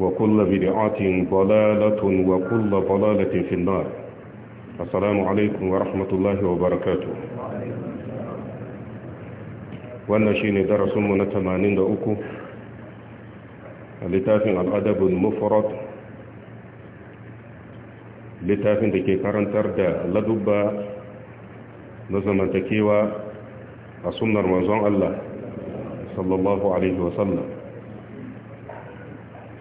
وكل بدعة ضلالة وكل ضلالة في النار السلام عليكم ورحمة الله وبركاته wannan shi ne mu na uku a littafin al'adabin mufarad littafin da ke karantar da ladubba na zamantakewa a sunnar manzon Allah sallallahu Alaihi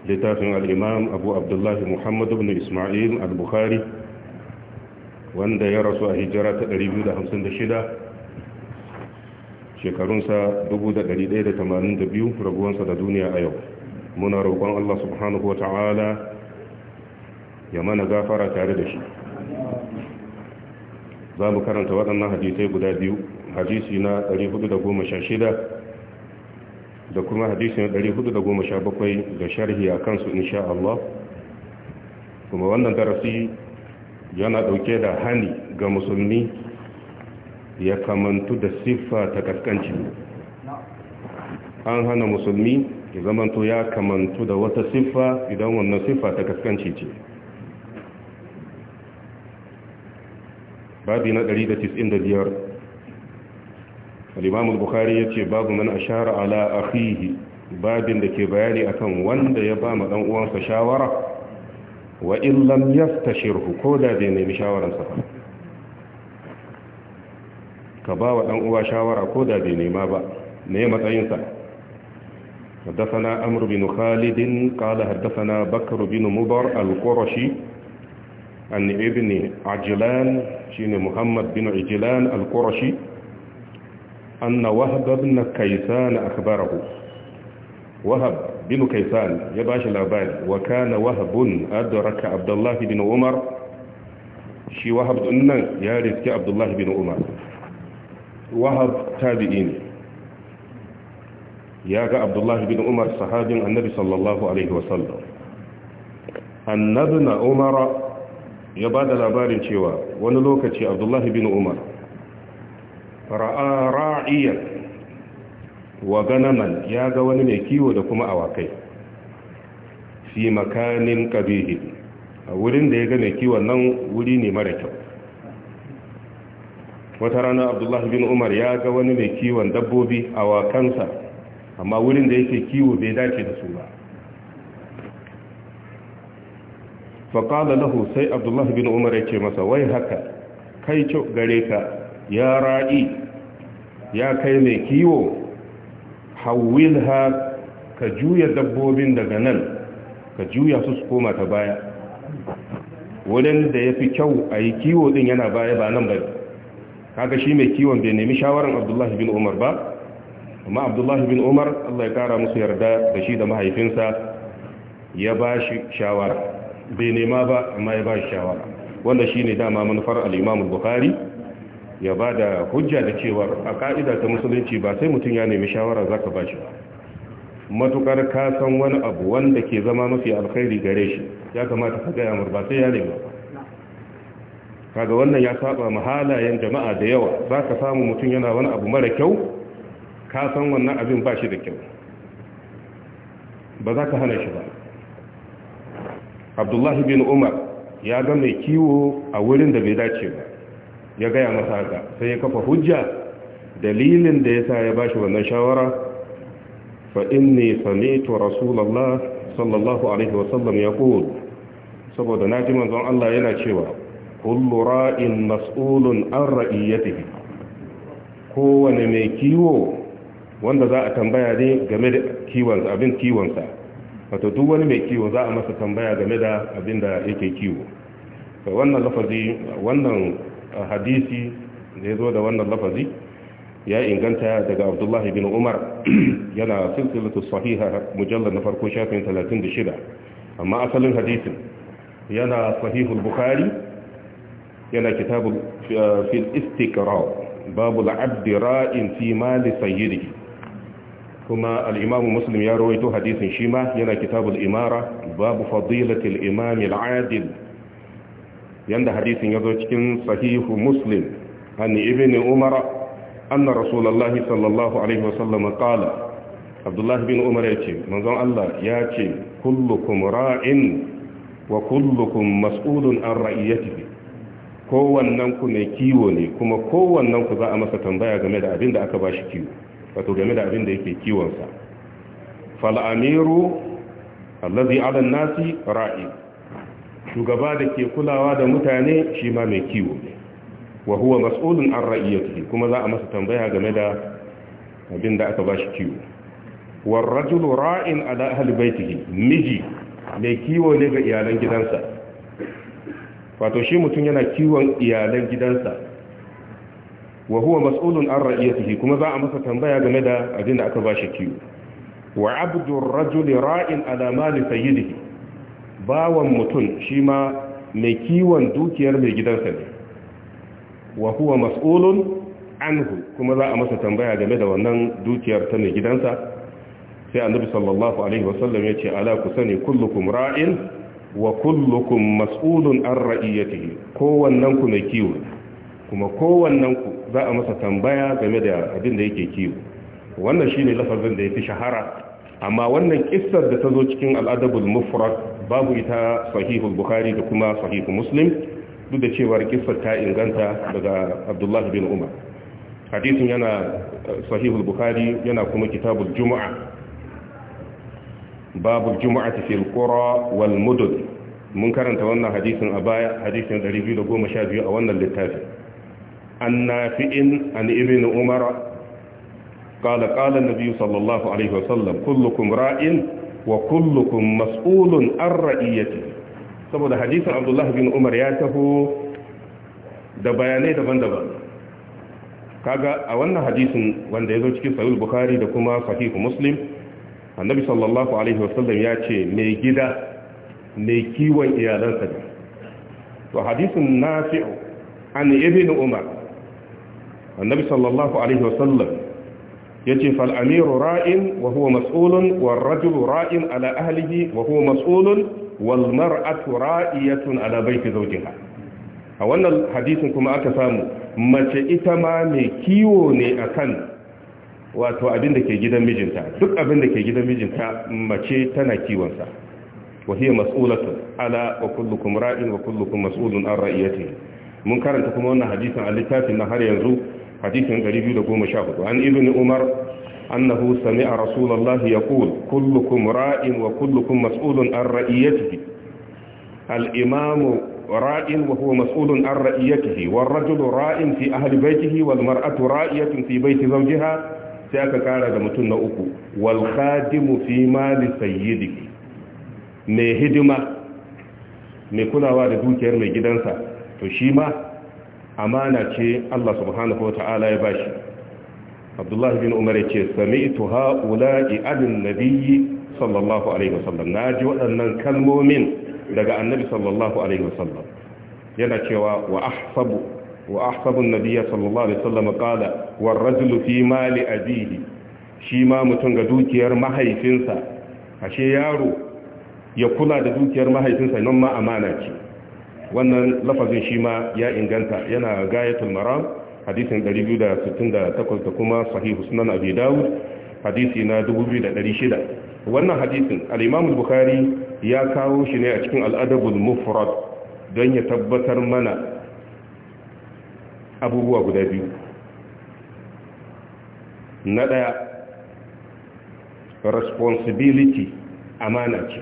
littafin al'imam abu abdullahi muhammadu bin ismail al-bukhari wanda ya rasu a hijira ta 256 shekarunsa 1182 raguwansa da duniya a yau muna roƙon allah subhanahu wa ta'ala ya mana gafara tare da shi za mu karanta waɗannan hadisai guda biyu hadisi na 416 da kuma hadisi na 417 da sharhi a kansu insha Allah kuma wannan darasi yana dauke da hani ga musulmi ya kamantu da siffa ta kaskanci an hana musulmi ya zamanto ya kamantu da wata siffa idan wannan siffa ta kaskanci ce babi na 195 al-imam ya ce yace babu man shara ala akhihi babin da ke bayani akan wanda ya ba ma dan uwansa shawara wa in lam yastashirhu ko da nemi shawararsa ba ka ba wa dan uwa shawara ko da bai nema ba ne matsayinsa حدثنا عمرو بن خالد قال حدثنا بكر بن مضر القرشي عن ابن عجلان شين محمد بن عجلان القرشي أن وهب بن كيسان أخبره وهب بن كيسان يباش الأبال وكان وهب أدرك عبد الله بن عمر شي وهب أنه يارثك عبد الله بن عمر وهب تابعين ياغا عبد الله بن عمر صحابي النبي صلى الله عليه وسلم أن ابن عمر ya ba da labarin cewa wani lokaci abdullahi bin umar ra'a ra'iyar wa ganaman ya ga wani mai kiwo da kuma awakai fi makanin kabihi a wurin da ya ga mai kiwon nan wuri ne mara kyau wata rana abdullahi bin umar ya ga wani mai kiwon dabbobi awakansa amma wurin da yake kiwo bai dace da su ba faƙada lahu sai abdullahi bin umar ya ce masa wai haka kai kyau gare ka ya ra'i ya kai mai kiwo ha ka juya dabbobin daga nan ka juya su su koma ta baya wurin da ya fi kyau a yi kiwo din yana baya ba nan ba kaga shi mai kiwon bai nemi shawarar abdullahi bin umar ba amma abdullahi bin umar allah ya kara musu yarda da shi da mahaifinsa ya ba shi shawara bai nema ba amma ya ba shi shawara wanda shi ne dama manufar al'imamul bukari ya ba da hujja da cewa a ka'ida ta musulunci ba sai mutum ya nemi shawara za ka ba shi ba matukar ka san wani abu wanda ke zama mafi alkhairi gare shi ya kamata ka gaya murba sai ya ba. kaga wannan ya saba mahalayen jama'a da yawa za ka samu mutum yana wani abu mara kyau ka san wannan abin ba shi da kyau ba za ka hana shi ba abdullahi bin umar ya ga mai kiwo a wurin da bai dace ba ya gaya masa haka sai ya kafa hujja dalilin da ya sa ya ba shi wannan shawara fa inni sami'tu rasulallah sallallahu alaihi wa sallam yaqul saboda na naji manzon Allah yana cewa kullu ra'in mas'ulun an ra'iyatihi kowane mai kiwo wanda za a tambaya ne game da kiwonsa abin kiwonsa wato duk wani mai kiwo za a masa tambaya game da abin da yake kiwo wannan lafazi wannan hadisi da ya zo da wannan lafazi ya inganta daga abdullahi bin umar yana silsilatu sahiha mujallar na farko shafin 36 amma asalin hadisin yana sahihul bukhari yana kitabu uh, fil istiqrar babu al'abdi ra'in fi mali sayyidihi kuma al'imamu imamu muslim ya rawaito hadisin shi ma yana kitabul imara babu fadilatil imam al-adil yanda hadisin ya zo cikin sahihu muslim an ibn umar anna rasulullahi sallallahu alaihi wasallam qala abdullahi bin umar ya ce manzon Allah ya ce kullukum ra'in wa kullukum mas'ulun an ra'iyatihi kowannan ku ne kiwo ne kuma kowannan ku za a masa tambaya game da abin da aka bashi kiwo wato game da abin da yake kiwonsa fal amiru allazi ala nasi ra'i shugaba da ke kulawa da mutane shi ma mai kiwo ne wa huwa mas'ulun an ra'iyatihi kuma za a masa tambaya game da abin da aka bashi kiwo war rajulu ra'in ala ahli baitihi miji mai kiwo ne ga iyalan gidansa wato shi mutum yana kiwon iyalan gidansa wa huwa mas'ulun an ra'iyatihi kuma za a masa tambaya game da abin da aka bashi kiwo wa abdur rajuli ra'in ala mali sayyidihi bawan mutum shi ma mai kiwon dukiyar mai gidansa ne wa huwa mas'ulun anhu kuma za a masa tambaya game da wannan dukiyar ta mai gidansa sai annabi sallallahu alaihi wasallam ya ce ala ku sani kullukum ra'in wa kullukum mas'ulun an ra'iyatihi kowannen ku mai kiwo kuma kowannen ku za a masa tambaya game da abin da yake kiwo wannan shi ne lafazin da ya fi shahara amma wannan kissar da ta zo cikin al'adabul mufrad babu ita sahihul bukhari da kuma sahihu muslim duk da cewar kissar ta inganta daga abdullahi bin umar hadisin yana sahihul bukhari yana kuma kitabul juma'a babul juma'ati fil qura wal mudud mun karanta wannan hadisin a baya hadisin 212 a wannan littafi an nafi'in an ibn umar قال قال النبي صلى الله عليه وسلم كلكم راء وكلكم مسؤول عن رعيته saboda hadisin Abdullah bin Umar ya taho da bayanai daban-daban kaga a wannan hadisin wanda ya zo cikin sahih bukhari da kuma sahih muslim annabi sallallahu alaihi wasallam ya ce mai gida mai kiwon iyalansa ne to hadisin nafi'u an ibn umar annabi sallallahu alaihi wasallam yace fal amiru ra'in wa huwa mas'ulun wal rajulu ra'in ala ahlihi wa huwa mas'ulun wal mar'atu ra'iyatun ala baiti zawjiha a wannan hadisin kuma aka samu mace ita ma mai kiwo ne akan wato abin da ke gidan mijinta duk abin da ke gidan mijinta mace tana kiwonsa wa hiya mas'ulatun ala wa kullukum ra'in wa kullukum mas'ulun an ra'iyatihi mun karanta kuma wannan hadisin a littafin na har yanzu hadisin 214 an ibn umar annahu sami'a rasulullahi yaqul kullukum ra'in wa kullukum mas'ulun an ra'iyatihi al wa huwa mas'ulun an ra'iyatihi wal rajulu ra'in fi ahli baytihi wal mar'atu ra'iyatun fi bayti zawjiha sai aka kara da mutum na uku wal khadimu fi mali sayyidihi mai hidima mai kulawa da dukiyar mai gidansa to shi ma amana ce Allah subhanahu wa ta'ala ya bashi abdullahi bin umar ya ce sami'tu ha'ula'i adin nabiyyi sallallahu alaihi wasallam na ji waɗannan kalmomin daga annabi sallallahu alaihi wasallam yana cewa wa ahsabu wa ahsabu nabiyya sallallahu alaihi wasallam qala war rajulu fi mali abihi shi ma mutum ga dukiyar mahaifinsa ashe yaro ya kula da dukiyar mahaifinsa nan ma amana ce wannan lafazin shi ma ya inganta yana gayatul maram hadisin 268 da kuma sahihu sunan abi daud hadisi na 2600 wannan hadisin al-imam bukhari ya kawo shi ne a cikin al-adabul mufrad don ya tabbatar mana abubuwa guda biyu na ɗaya responsibility amana ce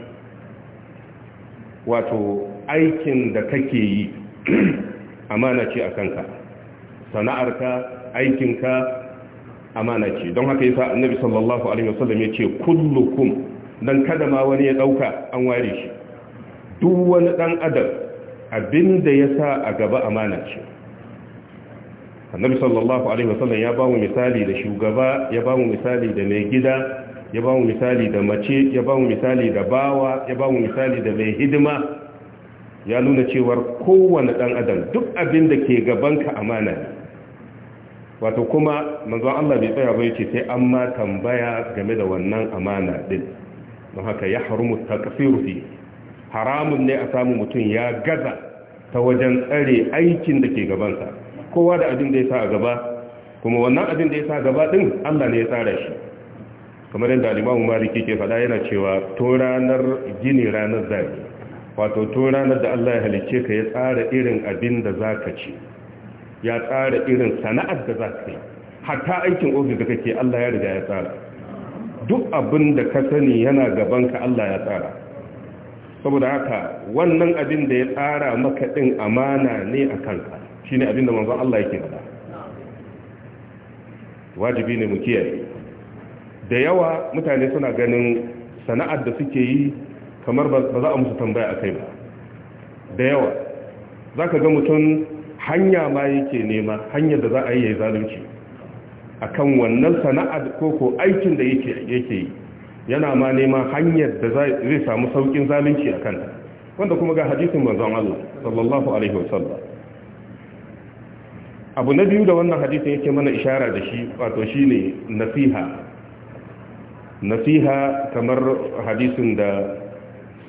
wato aikin da kake yi amana ce a kanka sana'arka aikinka amana ce don haka yasa annabi sallallahu alaihi wasallam ce kullukum don kada ma wani ya dauka an ware shi duk wani dan adam abinda sa a gaba amana ce annabi sallallahu alaihi wasallam ya bamu misali da shugaba ya bamu misali da mai gida ya bamu misali da mace ya bamu misali da bawa ya bamu misali da mai hidima ya nuna cewar kowane ɗan adam duk abin da ke gabanka amana ne wato kuma manzon Allah bai tsaya ba yace sai an ma tambaya game da wannan amana din don haka ya harumu takfiru fi haramun ne a samu mutum ya gaza ta wajen tsare aikin da ke gabansa kowa da abin da ya sa a gaba kuma wannan abin da ya sa gaba din Allah ne ya tsara shi kamar yadda imam Malik yake faɗa yana cewa to ranar gini ranar zabi wato to ranar da Allah ya halicce ka ya tsara irin abin da za ka ci ya tsara irin sana'ar da za ka yi hatta aikin ofis da kake Allah ya riga ya tsara duk abin da ka sani yana gaban ka Allah ya tsara saboda haka wannan abin da ya tsara maka din amana ne a kanka shine abin da manzon Allah yake faɗa wajibi ne mu kiyaye da yawa mutane suna ganin sana'ar da suke yi kamar ba za a musu tambaya a kai ba da yawa za ka ga mutum hanya ma yake nema hanyar da za a yi ya yi zalunci a kan wannan sana'ar ko ko aikin da yake yi yana ma nema hanyar da zai samu saukin zalunci a kanta wanda kuma ga hadisin manzon Allah sallallahu alaihi wasallam abu na biyu da wannan hadisin yake mana ishara da shi wato shine nasiha nasiha kamar hadisin da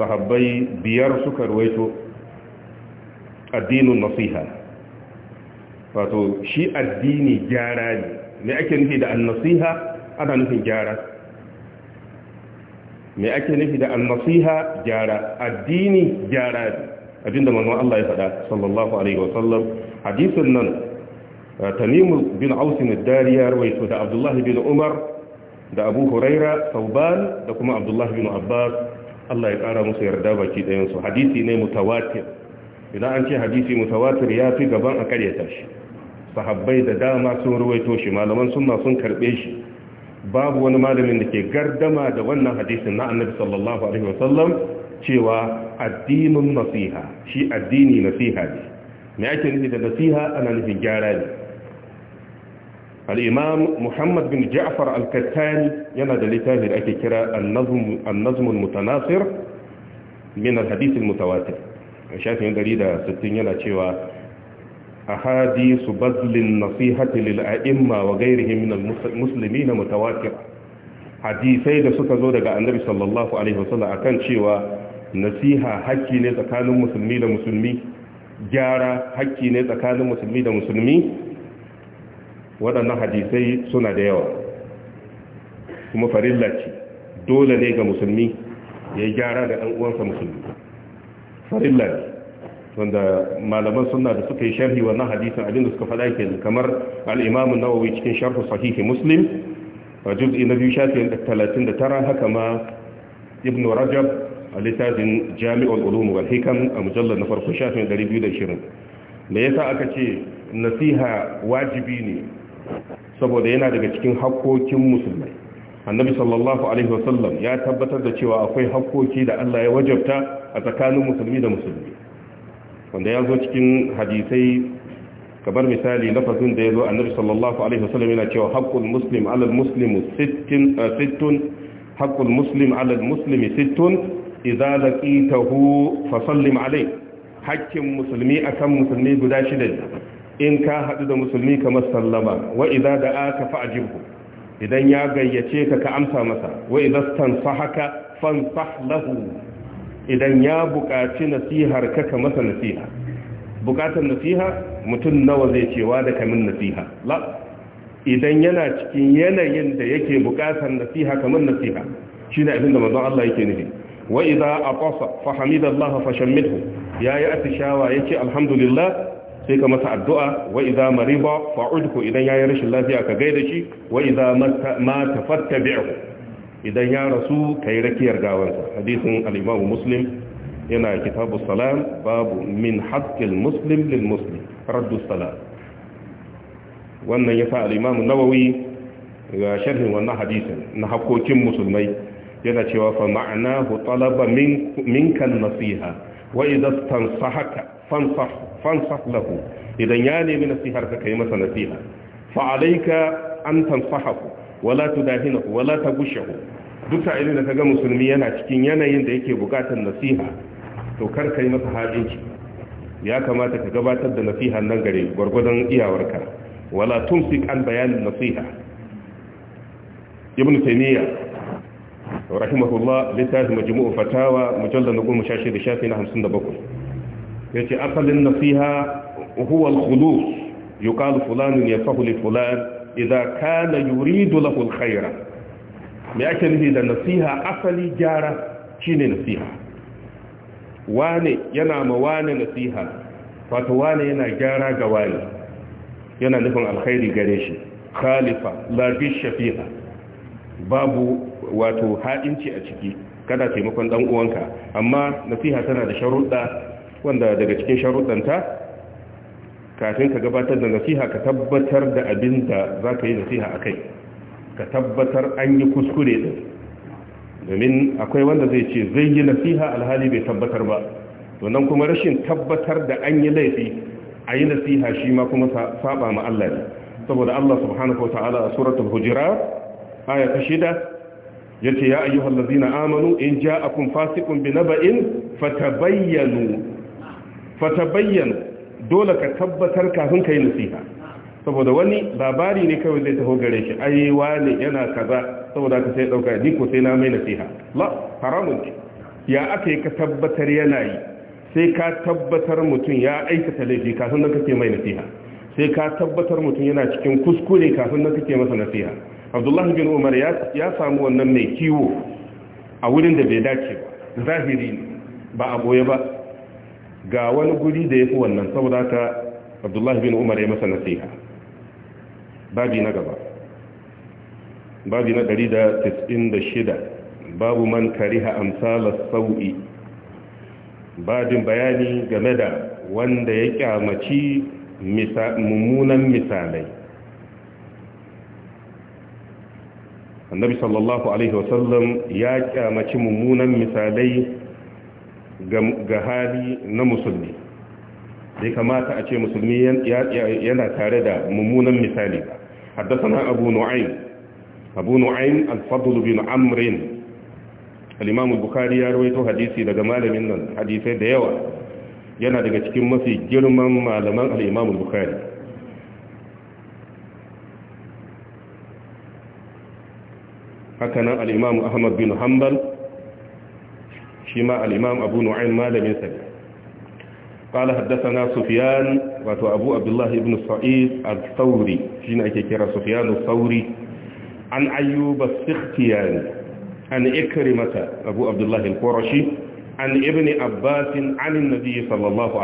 sahabbai biyar suka ruwaito addinin nasiha wato shi addini gyara ne me ake nufi da annasiha ana nufin gyara me ake nufi da annasiha gyara addini gyara ne abinda manzon Allah ya faɗa sallallahu alaihi wasallam hadisin nan uh, tamimu bin ausin dariya ruwaito da abdullahi bin umar da abu huraira sauban da kuma abdullahi bin abbas Allah ya ƙara musu yarda baki ɗayansu hadisi ne mutawatir idan an ce hadisi mutawatir ya fi gaban a karyata shi sahabbai da dama sun ruwaito shi malaman sunna sun karɓe shi babu wani malamin da ke gardama da wannan hadisin na annabi sallallahu alaihi wasallam cewa addinin nasiha shi addini nasiha ne me ake nufi da nasiha ana nufin gyara ne al'imam muhammad bin jaafar al-kattani yana da littafi da ake kira annazmul mutanasir min al-hadisul mutawatir a shafin sittin yana cewa a hadisu bazlin nasihati lil'a'imma wa gairihim min musulmi na mutawatir hadisai da suka zo daga annabi sallallahu alaihi wasallam akan cewa nasiha haƙƙi ne tsakanin musulmi da musulmi gyara haƙƙi ne tsakanin musulmi da musulmi waɗannan hadisai suna da yawa kuma farilla ce dole ne ga musulmi ya yi gyara da ɗan'uwansa musulmi farilla ne wanda malaman suna da suka yi sharhi wannan hadisin abinda suka faɗa ke kamar al'imamun nawawi cikin sharhu sahihi muslim a juz'i na biyu shafi talatin da tara haka ma ibn rajab a littafin jami'ul ulum wal hikam a mujallar na farko shafin 220 me sa aka ce nasiha wajibi ne saboda yana daga cikin hakkokin musulmai annabi sallallahu alaihi wasallam ya tabbatar da cewa akwai hakkoki da Allah ya wajabta a tsakanin musulmi da musulmi wanda ya zo cikin hadisai kabar misali lafazin da ya zo annabi sallallahu alaihi wasallam yana cewa haqqul muslim ala al muslim eh, sittun haqqul muslim ala al muslim sittun idza laqitahu fa sallim alayhi haqqin musulmi akan musulmi guda shida in ka haɗu da musulmi kamar sallama wa idza da'aka fa'jibhu idan ya gayyace ka ka amsa masa wa idza haka fansa lahu idan ya buƙaci nasihar ka ka masa nasiha buƙatar nasiha mutum nawa zai cewa da kamin nasiha la idan yana cikin yanayin da yake buƙatar nasiha kamar nasiha shi ne abinda manzon Allah yake nufi wa a ƙasa fa hamidallahi fa shammidhu yi atishawa ya ce alhamdulillah sai ka masa addu'a wa iza mariba fa'udku idan ya yi rashin lafiya ka gaida shi wa iza mata tafatta bi'ahu idan ya rasu ka yi rakiyar gawansa hadisin al'imamu muslim yana kitabu salam babu min haƙƙin muslim lil muslim raddu salam wannan ya sa al'imamu nawawi ga sharhin wannan hadisin na haƙƙokin musulmai yana cewa fa ma'ana hu talaba minkan nasiha wa idan fansahaka fansahu fansah lahu idan ya nemi nasihar ka kai masa nasiha fa alayka an tansahahu wala tudahinahu wala tagushahu duk sa'ilin da kaga musulmi yana cikin yanayin da yake bukatar nasiha to kar kai masa halinci ya kamata ka gabatar da nasiha nan gare gwargwadon iyawarka wala tumsik an bayanin nasiha ibn taymiya rahimahullah littafin majmu'u fatawa mujallal 16 shafi na 57 yace asalin nasiha huwa al-khulus yuqalu ya yafahu li fulan idza kana yuridu lahu al me ake nufi da nasiha asali gyara shine nasiha wane yana ma wane nasiha wato wane yana gyara ga wani. yana nufin alkhairi gare shi khalifa la fi babu wato ha'inci a ciki kada taimakon dan uwanka amma nasiha tana da sharuɗa wanda daga cikin sharuɗanta kafin ka gabatar da nasiha ka tabbatar da abin da za ka yi nasiha a kai ka tabbatar an yi kuskure ɗin domin akwai wanda zai ce zai yi nasiha alhali bai tabbatar ba donan kuma rashin tabbatar da an yi laifi a yi nasiha shi ma kuma saba ma Allah ne saboda Allah subhanahu wa ta'ala a suratul hujira aya ta shida yace ya ayyuhal Lazina amanu in ja'akum fasiqun binaba'in fatabayyanu bayyana dole ka tabbatar kafin ka yi nasiha saboda wani labari ne kawai zai taho gare shi ai wani yana kaza saboda ka sai dauka ni ko sai na mai nasiha la haramun ne ya aka yi ka tabbatar yana yi sai ka tabbatar mutum ya aikata laifi kafin nan kake mai nasiha sai ka tabbatar mutum yana cikin kuskure kafin nan kake masa nasiha abdullahi bin umar ya samu wannan mai kiwo a wurin da bai dace ba zahiri ne ba a boye ba ga wani guri da ya fi wannan saboda ta abdullahi bin umar ya masa nasiha babi na gaba babi na 196 babu man kariha amsalar sau'i babin bayani game da wanda ya kyamaci mummunan misalai annabi sallallahu alaihi wasallam ya kyamaci mummunan misalai ga hali na musulmi bai kamata a ce musulmi yana tare da mummunan misali ba haddasa abu nu'ayn abu nu'ayn al-fadl bin amrin al-imam ya rawaito hadisi daga malamin nan hadisai da yawa yana daga cikin mafi girman malaman al-imam al-bukhari haka ahmad bin hanbal shima ma al’imam abu nu'ayin malamin sa ƙala haddasa sufiyan wato abu abdullahi ibn sa'id al-sauri shi ne ake kira sufiyan al-sauri an ayyuba sikhtiyan an ikari mata abu abdullahi al an ibn abbasin an nabi sallallahu sallallahu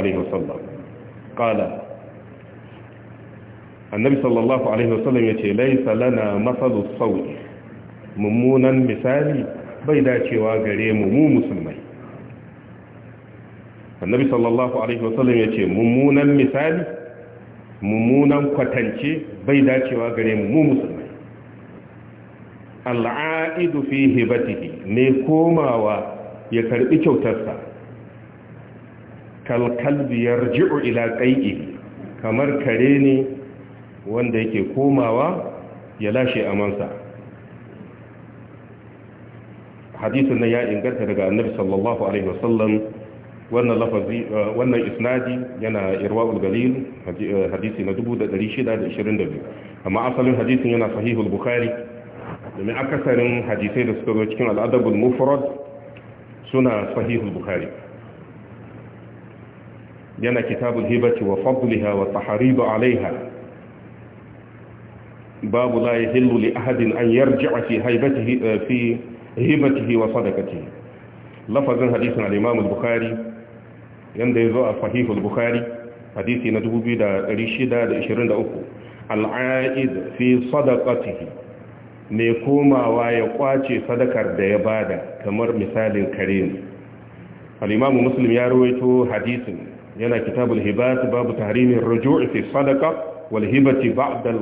alaihi wasallam ya ce laisa lana masalu sauri mummunan misali bai dacewa gare mu mu musulmi annabi sallallahu alaihi wasallam ya ce mummunan misali mummunan kwatance bai dacewa gare mu mu musulmai al'aidu fi hibatihi ne komawa ya karbi kyautarsa kalkalbi yarji'u ila qai'i kamar kare ne wanda yake komawa ya lashe amansa hadisin nan ya inganta daga annabi sallallahu alaihi wasallam wannan lafazi wannan isnadi yana irwaul galil hadisi na 1622 amma asalin hadisin yana sahihul bukhari domin akasarin hadisai da suka zo cikin al'adabul mufrad suna sahihul bukhari yana kitabul hibati wa fadliha wa taharibu alaiha babu la yahillu li ahadin an yarji'a fi haibatihi fi hibatihi wa sadaqatihi lafazin hadisin al-imam al-bukhari yanda ya zo a sahihul hadisi na 2623 al'aid fi sadaqatihi ne komawa ya kwace sadakar da ya bada kamar misalin kare ne muslim ya rawaito hadisin yana kitabul hibat babu tahrimin ruju' fi sadaqa wal hibati ba'da al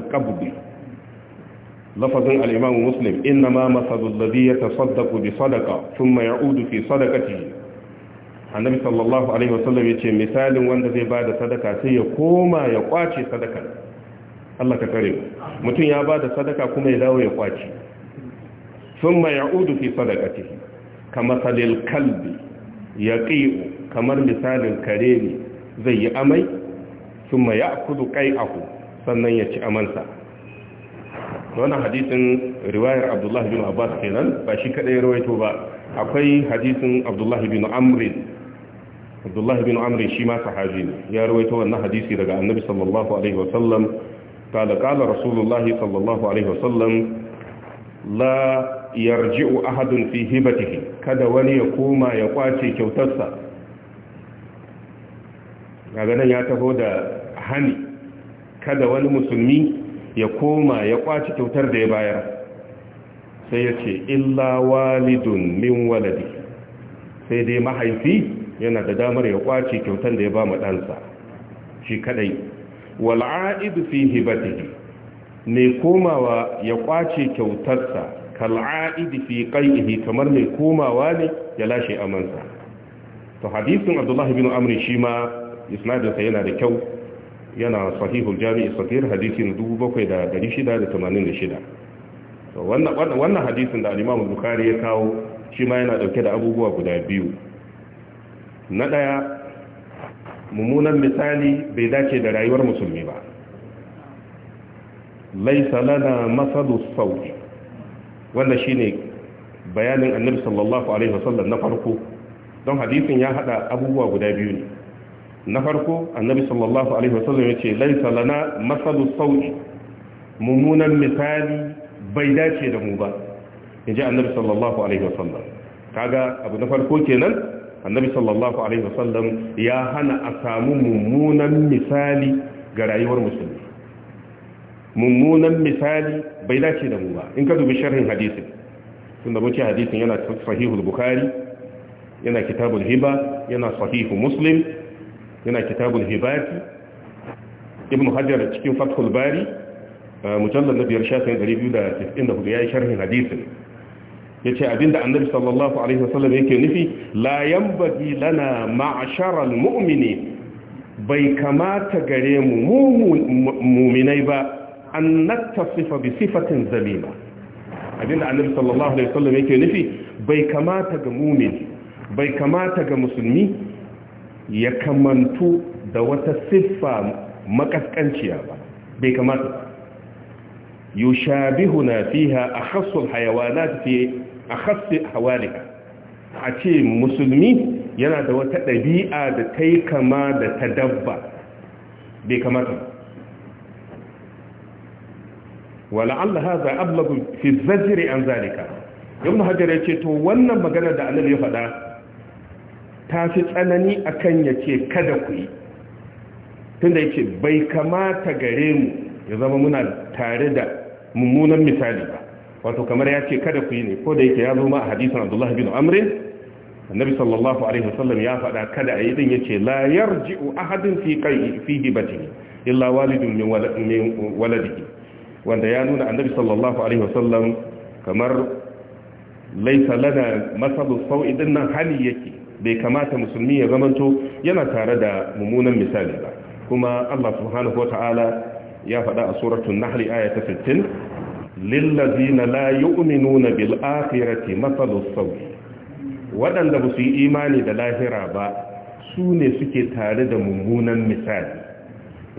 lafazin al-imamu muslim inna ma masalul ladhi yatasaddaqu bi sun mai ya'udu fi sadaqatihi annabi sallallahu alaihi wasallam yace misalin wanda zai bada sadaka sai ya koma ya kwace sadaka Allah ka kare mutum ya bada sadaka kuma ya dawo ya kwace thumma ya'udu fi sadaqatihi kama salil kalbi yaqiu kamar misalin kare ne zai yi amai thumma ya'khudhu qai'ahu sannan ya ci amansa wannan hadisin riwayar Abdullah bin Abbas kenan ba shi kadai rawaito ba akwai hadisin Abdullah bin Amr abdullahi bin Amri shi ma sahabi ne ya rawaito wannan hadisi daga annabi sallallahu alaihi wa wasallam kala kala rasulullahi sallallahu alaihi wa sallam. la yarji'u ahadun fi hibatihi kada wani ya koma ya kwace kyautarsa kaga ganin ya taho da hani kada wani musulmi ya koma ya kwace kyautar da ya bayar sai ya ce illa walidun min waladi sai dai mahaifi yana da damar ya kwace kyautar da ya ba mu ɗansa shi kadai wal'a'idu fi hibatihi mai komawa ya kwace kyautarsa kal'a'idu fi qai'ihi kamar mai komawa ne ya lashe amansa to hadisin Abdullahi bin Amr shi ma sa yana da kyau yana sahihul jami' sahih hadisin 7686 wannan wannan hadisin da al-Imam ya kawo shi ma yana dauke da abubuwa guda biyu na ɗaya mummunan misali bai dace da rayuwar musulmi ba laisa lana masadu sauki wannan shine bayanin annabi sallallahu alaihi wasallam na farko don hadisin ya hada abubuwa guda biyu ne na farko annabi sallallahu alaihi wasallam ce laisa lana masalu sauki mummunan misali bai dace da mu ba inji annabi sallallahu alaihi wasallam kaga abu na farko kenan annabi sallallahu alaihi wasallam ya hana a samu mummunan misali ga rayuwar musulmi mummunan misali bai dace da mu ba in ka dubi sharhin hadisin tunda mun ce hadisin yana sahihul bukhari yana kitabul hiba yana sahihu muslim yana kitabul hibati ibn hajar cikin fathul bari uh, mujallal na biyar shafin 294 ya yi sharhin hadisin yace abinda annabi sallallahu alaihi wasallam yake nufi la yanbaghi lana ma'sharal mu'mini bai kamata gare mu mu'minai ba an nattasifa bi sifatin zalima abinda annabi sallallahu alaihi wasallam yake nufi bai kamata ga mu'min bai kamata ga musulmi ya kamantu da wata siffa makaskanciya ba bai kamata yushabihuna fiha akhassul hayawanat fi a khassi hawariha a ce musulmi yana da wata ɗabi'a da ta yi kama da ta dabba bai kamata wala Allah haza ablagu fi zajiri an zalika Yau hajar ya ce to wannan magana da annabi ya faɗa ta fi tsanani akan ya ce kada ku yi tunda ya ce bai kamata gare mu ya zama muna tare da mummunan misali ba wato kamar ya ce kada ku yi ne ko da yake ya zo ma a hadisin abdullah bin Amri. annabi sallallahu alaihi wasallam ya faɗa kada a yi din yace la yarji'u ahadun fi qai fi hibatihi illa walidun min waladihi wanda ya nuna annabi sallallahu alaihi wasallam kamar laisa lana masalu sau'i nan hali yake bai kamata musulmi ya zamanto yana tare da mummunan misali ba kuma Allah subhanahu ta'ala ya faɗa a suratul nahl aya ta 60 lillazina la yu'minuna bil akhirati masalus waɗanda ba su yi imani da lahira ba su ne suke tare da mummunan misali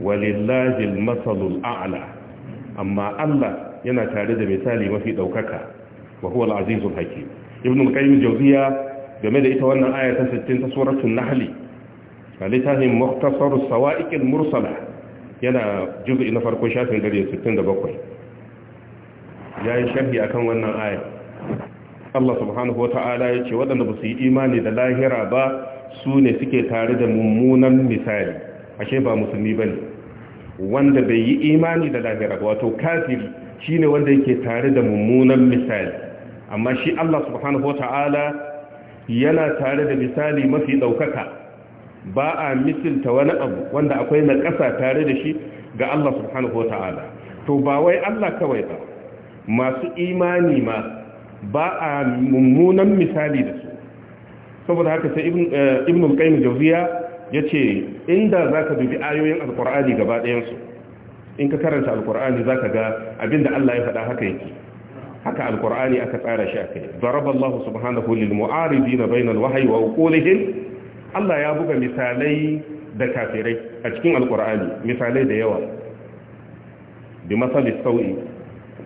walillahi al-masalul amma Allah yana tare da misali mafi ɗaukaka, wa huwa al-azizul ibn al-qayyim jawziya game da ita wannan aya ta 60 ta suratul nahl kalitahin mukhtasar sawa'iq mursala yana juz'i na farko shafin 167 ya yi sharhi akan wannan aya Allah subhanahu wa ta'ala ya ce waɗanda ba su yi imani da lahira ba su ne suke tare da mummunan misali ashe ba musulmi ba ne wanda bai yi imani da lahira ba wato kafiri shine ne wanda yake tare da mummunan misali amma shi Allah subhanahu wa ta'ala yana tare da misali mafi ɗaukaka ba a misilta wani abu wanda akwai na ƙasa tare da shi ga Allah subhanahu wa ta'ala to ba wai Allah kawai ba masu imani ma ba a mummunan misali da su saboda haka sai Ibnul eh, al-qayyim jawziya yace inda zaka dubi ayoyin alqur'ani gaba ɗayan su in ka karanta alqur'ani zaka ga abinda Allah ya faɗa haka yake haka alqur'ani aka tsara shi akai daraballahu subhanahu lil mu'aridin bayna al wa uqulihim Allah ya buga misalai da kafirai a cikin alqur'ani misalai da yawa bi masal sau'i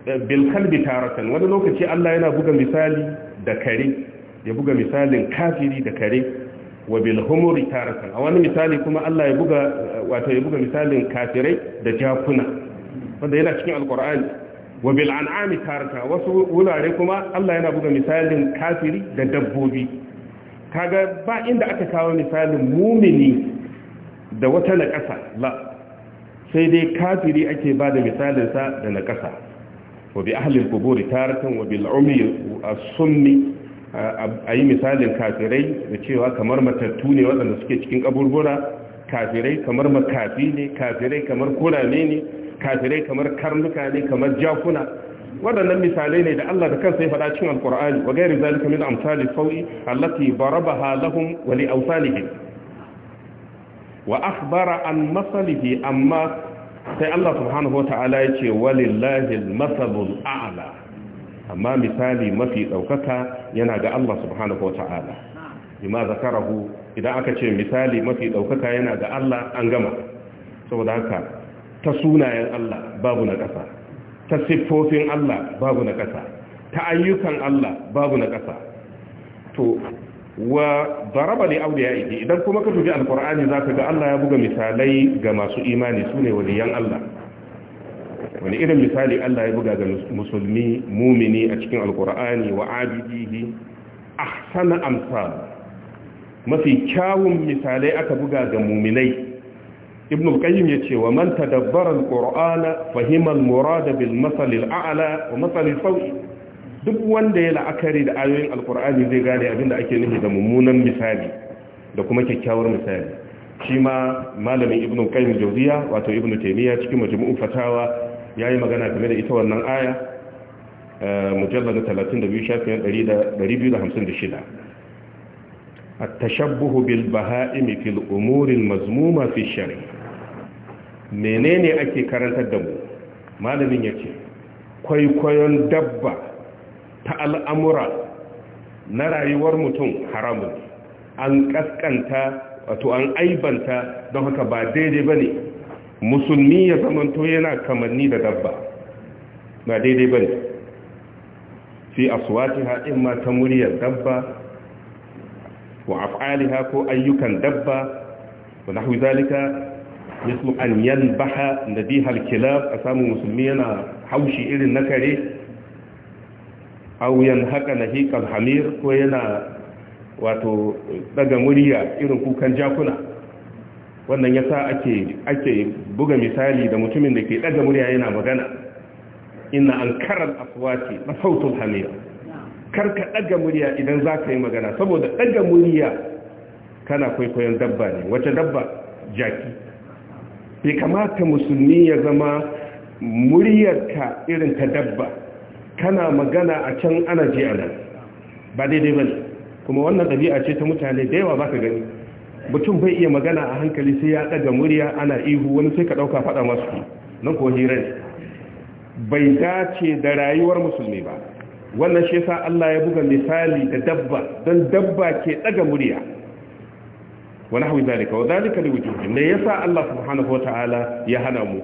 bilkalbi kalbi taratan wani lokaci Allah yana buga misali da kare ya buga misalin kafiri da kare wa bil taratan a wani misali kuma Allah ya buga wato ya buga misalin kafirai da jakuna wanda yana cikin al'kur'ani wa bil an'ami taratan wasu wurare kuma Allah yana buga misalin kafiri da dabbobi kaga ba inda aka kawo misalin mumini da wata naƙasa la sai dai kafiri ake ba da misalinsa da naƙasa wa bi ahlil quburi taratan wa bil umi as-sunni ayi misalin kafirai da cewa kamar matattu ne waɗanda suke cikin kaburbura kafirai kamar makafi ne kafirai kamar kurame ne kafirai kamar karnuka ne kamar jakuna waɗannan misalai ne da Allah da kansa ya faɗa cikin alkur'ani wa gairi zalika min amsali sawi allati barabaha lahum wa li awsalihim wa akhbara an masalihi amma sai Allah subhanahu wata'ala ya ce walillahi al-masalul a'la amma misali mafi daukaka yana ga Allah subhanahu wata'ala bima zakarahu idan aka ce misali mafi daukaka yana ga Allah an gama saboda haka ta sunayen Allah babu na ƙasa ta siffofin Allah babu na ƙasa ta ayyukan Allah babu na ƙasa to wa daraba li awliyaihi idan kuma ka dubi alqur'ani zaka ga Allah ya buga misalai ga masu imani sune waliyan Allah wani irin misali Allah ya buga ga musulmi mumini a cikin alqur'ani wa abidihi ahsana amsal mafi kyawun misalai aka buga ga muminai ibn al-qayyim yace wa man tadabbara al-qur'ana fahima al bil masal al-a'la wa masal al duk wanda ya la'akari da ayoyin alkur'ani zai gane abin da ake nufi da mummunan misali da kuma kyakkyawar misali shi ma malamin ibnu qayyim jawziya wato ibnu taymiya cikin majmu'u fatawa yayi magana game da ita wannan aya eh, mujallad 32 shafin 256 at-tashabbuh bil baha'im fil umuri mazmuma fi shari menene ake karantar da mu malamin yace kwaikwayon dabba ta al'amura na rayuwar mutum haramun an kaskanta wato an aibanta don haka ba daidai ba ne musulmi ya zamanto yana kamanni da dabba ba daidai ba ne fi aswati haɗin mata muryar dabba wa afaliha ko ayyukan dabba wa nahu zalika mislu an da nabihal kilab a samun musulmi yana haushi irin na kare auyan haka na hikan hamir ko yana wato daga murya irin kukan jakuna wannan yasa ake ake buga misali da mutumin da ke daga murya yana magana inna ankaral aswati na sautul hamir karka daga murya idan za ka yi magana saboda daga murya kana kwaikwayon dabba ne wace dabba jaki bai kamata musulmi ya zama muryarka irin ta dabba kana magana a can ana ji a nan ba daidai ba ne kuma wannan ɗabi'a ce ta mutane da yawa baka gani mutum bai iya magana a hankali sai ya ɗaga murya ana ihu wani sai ka ɗauka faɗa masu nan ko hira bai dace da rayuwar musulmi ba wannan shi sa Allah ya buga misali da dabba don dabba ke ɗaga murya wani hau zalika wa zalika da wujuhi ne sa Allah subhanahu wa ta'ala ya hana mu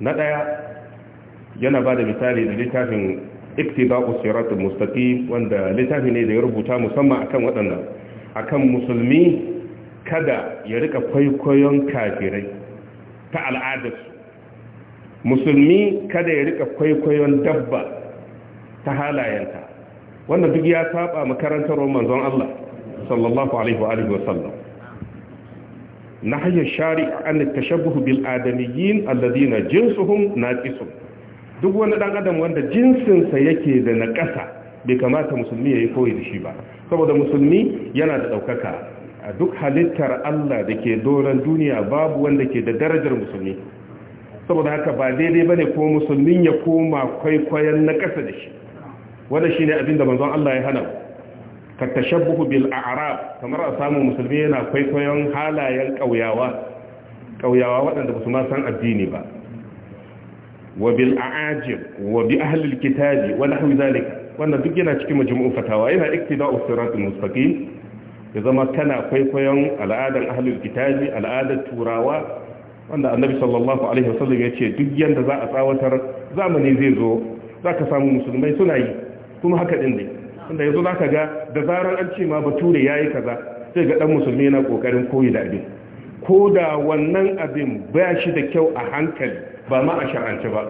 na ɗaya yana ba da misali da littafin iktiba'u siratul mustaqim wanda littafi ne da ya rubuta musamman akan waɗannan akan musulmi kada ya rika kwaikwayon kafirai ta al'adarsu musulmi kada ya rika kwaikwayon dabba ta halayenta wannan duk ya saba makarantar manzon Allah sallallahu alaihi wa alihi wa sallam nahya shari'a an tashabbuh bil adamiyyin alladhina jinsuhum naqisun duk wani dan adam wanda jinsinsa yake da na ƙasa bai kamata musulmi ya yi koyi da shi ba saboda musulmi yana da ɗaukaka a duk halittar Allah da ke doron duniya babu wanda ke da darajar musulmi saboda haka ba daidai ba ne ko musulmin ya koma kwaikwayon na ƙasa da shi wanda shi ne abin da manzon Allah ya hana ka tashabbuhu bil a'rab kamar a samu musulmi yana kwaikwayon halayen ƙauyawa ƙauyawa waɗanda ba su ma san addini ba wa bil a'ajib wa bi ahli al-kitabi wa nahwi wannan duk yana cikin majmu'u fatawa yana iktida'u siratul mustaqim ya zama kana kwaikwayon al'adar ahlul al'adar turawa wanda annabi sallallahu alaihi wasallam ya ce duk yanda za a tsawatar zamani zai zo za ka samu musulmai suna yi kuma haka din ne wanda yanzu za ka ga da zarar an ce ma bature ya yi kaza sai ga dan musulmi yana kokarin koyi da abin ko da wannan abin ba shi da kyau a hankali ba ma a sha'anci ba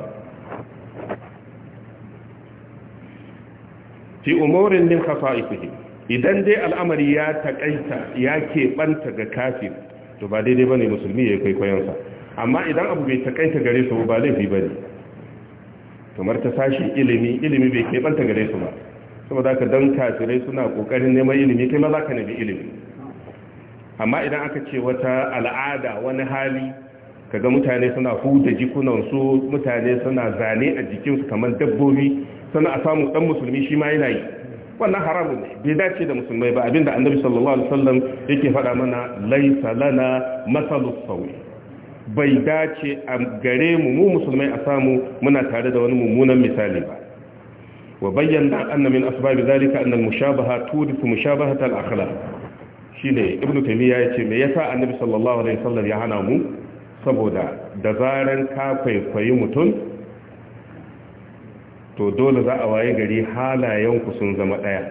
fi umarin din kafa ikuhi idan dai al'amari ya taƙaita ya keɓanta ga kafin to ba daidai ba ne musulmi ya yi kwaikwayonsa amma idan abu bai taƙaita gare su ba laifi ba ne kamar ta sashi ilimi ilimi bai keɓanta gare su ba saboda ka don kafirai suna ƙoƙarin neman ilimi kai ma za ka nemi ilimi amma idan aka ce wata al'ada wani hali kaga mutane suna huda jikunansu mutane suna zane a jikinsu kamar dabbobi sana a samu dan musulmi shi ma yana yi wannan haramun ne bai dace da musulmai ba abinda annabi sallallahu alaihi wasallam yake faɗa mana laisa lana masalus sawi bai dace a gare mu mu musulmai a samu muna tare da wani mummunan misali ba wa bayyana anna min asbab zalika anna al mushabaha turithu mushabahata al akhlaq shine ibnu taymiya ce me yasa annabi sallallahu alaihi wasallam ya hana mu saboda da zaran ka kwaikwayi mutum to dole za a waye gari halayenku sun zama ɗaya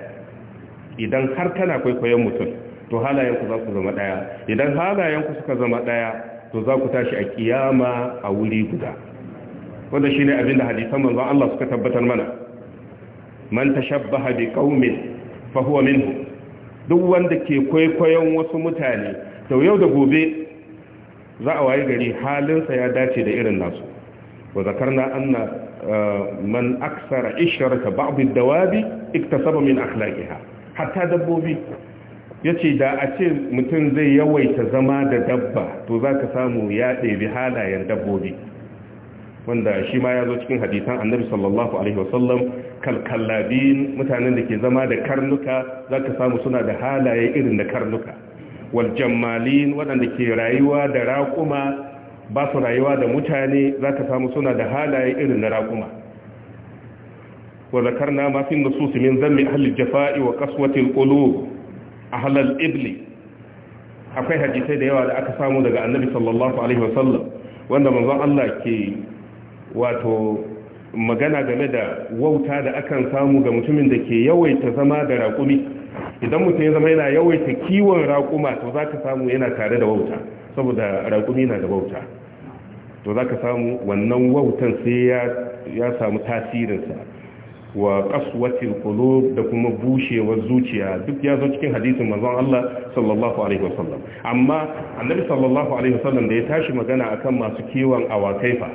idan har kana kwaikwayon mutum to halayenku za ku zama ɗaya idan halayenku suka zama ɗaya to za ku tashi a kiyama a wuri guda wanda shine abinda hadisan manzon Allah suka tabbatar mana man tashabbaha bi qaumin fa huwa minhum duk wanda ke kwaikwayon wasu mutane to yau da gobe za a waye gari halinsa ya dace da irin nasu wa na anna uh, man aksara isharata ba'd dawabi iktasaba min akhlaqiha hatta dabbobi yace da a ce mutum zai yawaita zama da dabba to zaka samu ya ɗebi halayen dabbobi wanda shi ma ya zo cikin hadisan annabi sallallahu alaihi wasallam kalkallabin mutanen da ke zama da karnuka za ka samu suna da halaye irin da karnuka waljamalin waɗanda ke rayuwa da raƙuma ba su rayuwa da mutane za ka samu suna da halaye irin da raƙuma wa zakarna ma fi nusus min zammi ahli jafa'i wa qaswati alqulub ahl al-ibli akwai hadisai da yawa da aka samu daga annabi sallallahu alaihi sallam wanda manzon Allah ke wato magana game da wauta da akan samu ga mutumin da ke yawaita zama da raƙumi idan mutum ya zama yana yawaita kiwon raƙuma to za ka samu yana tare da wauta saboda raƙumi na da wauta to za ka samu wannan wautan sai ya samu tasirinsa wa kasuwacin kulo da kuma bushewar zuciya duk ya zo cikin hadisin manzon Allah sallallahu alaihi wasallam amma annabi sallallahu alaihi wasallam da ya tashi magana akan masu kiwon awakai fa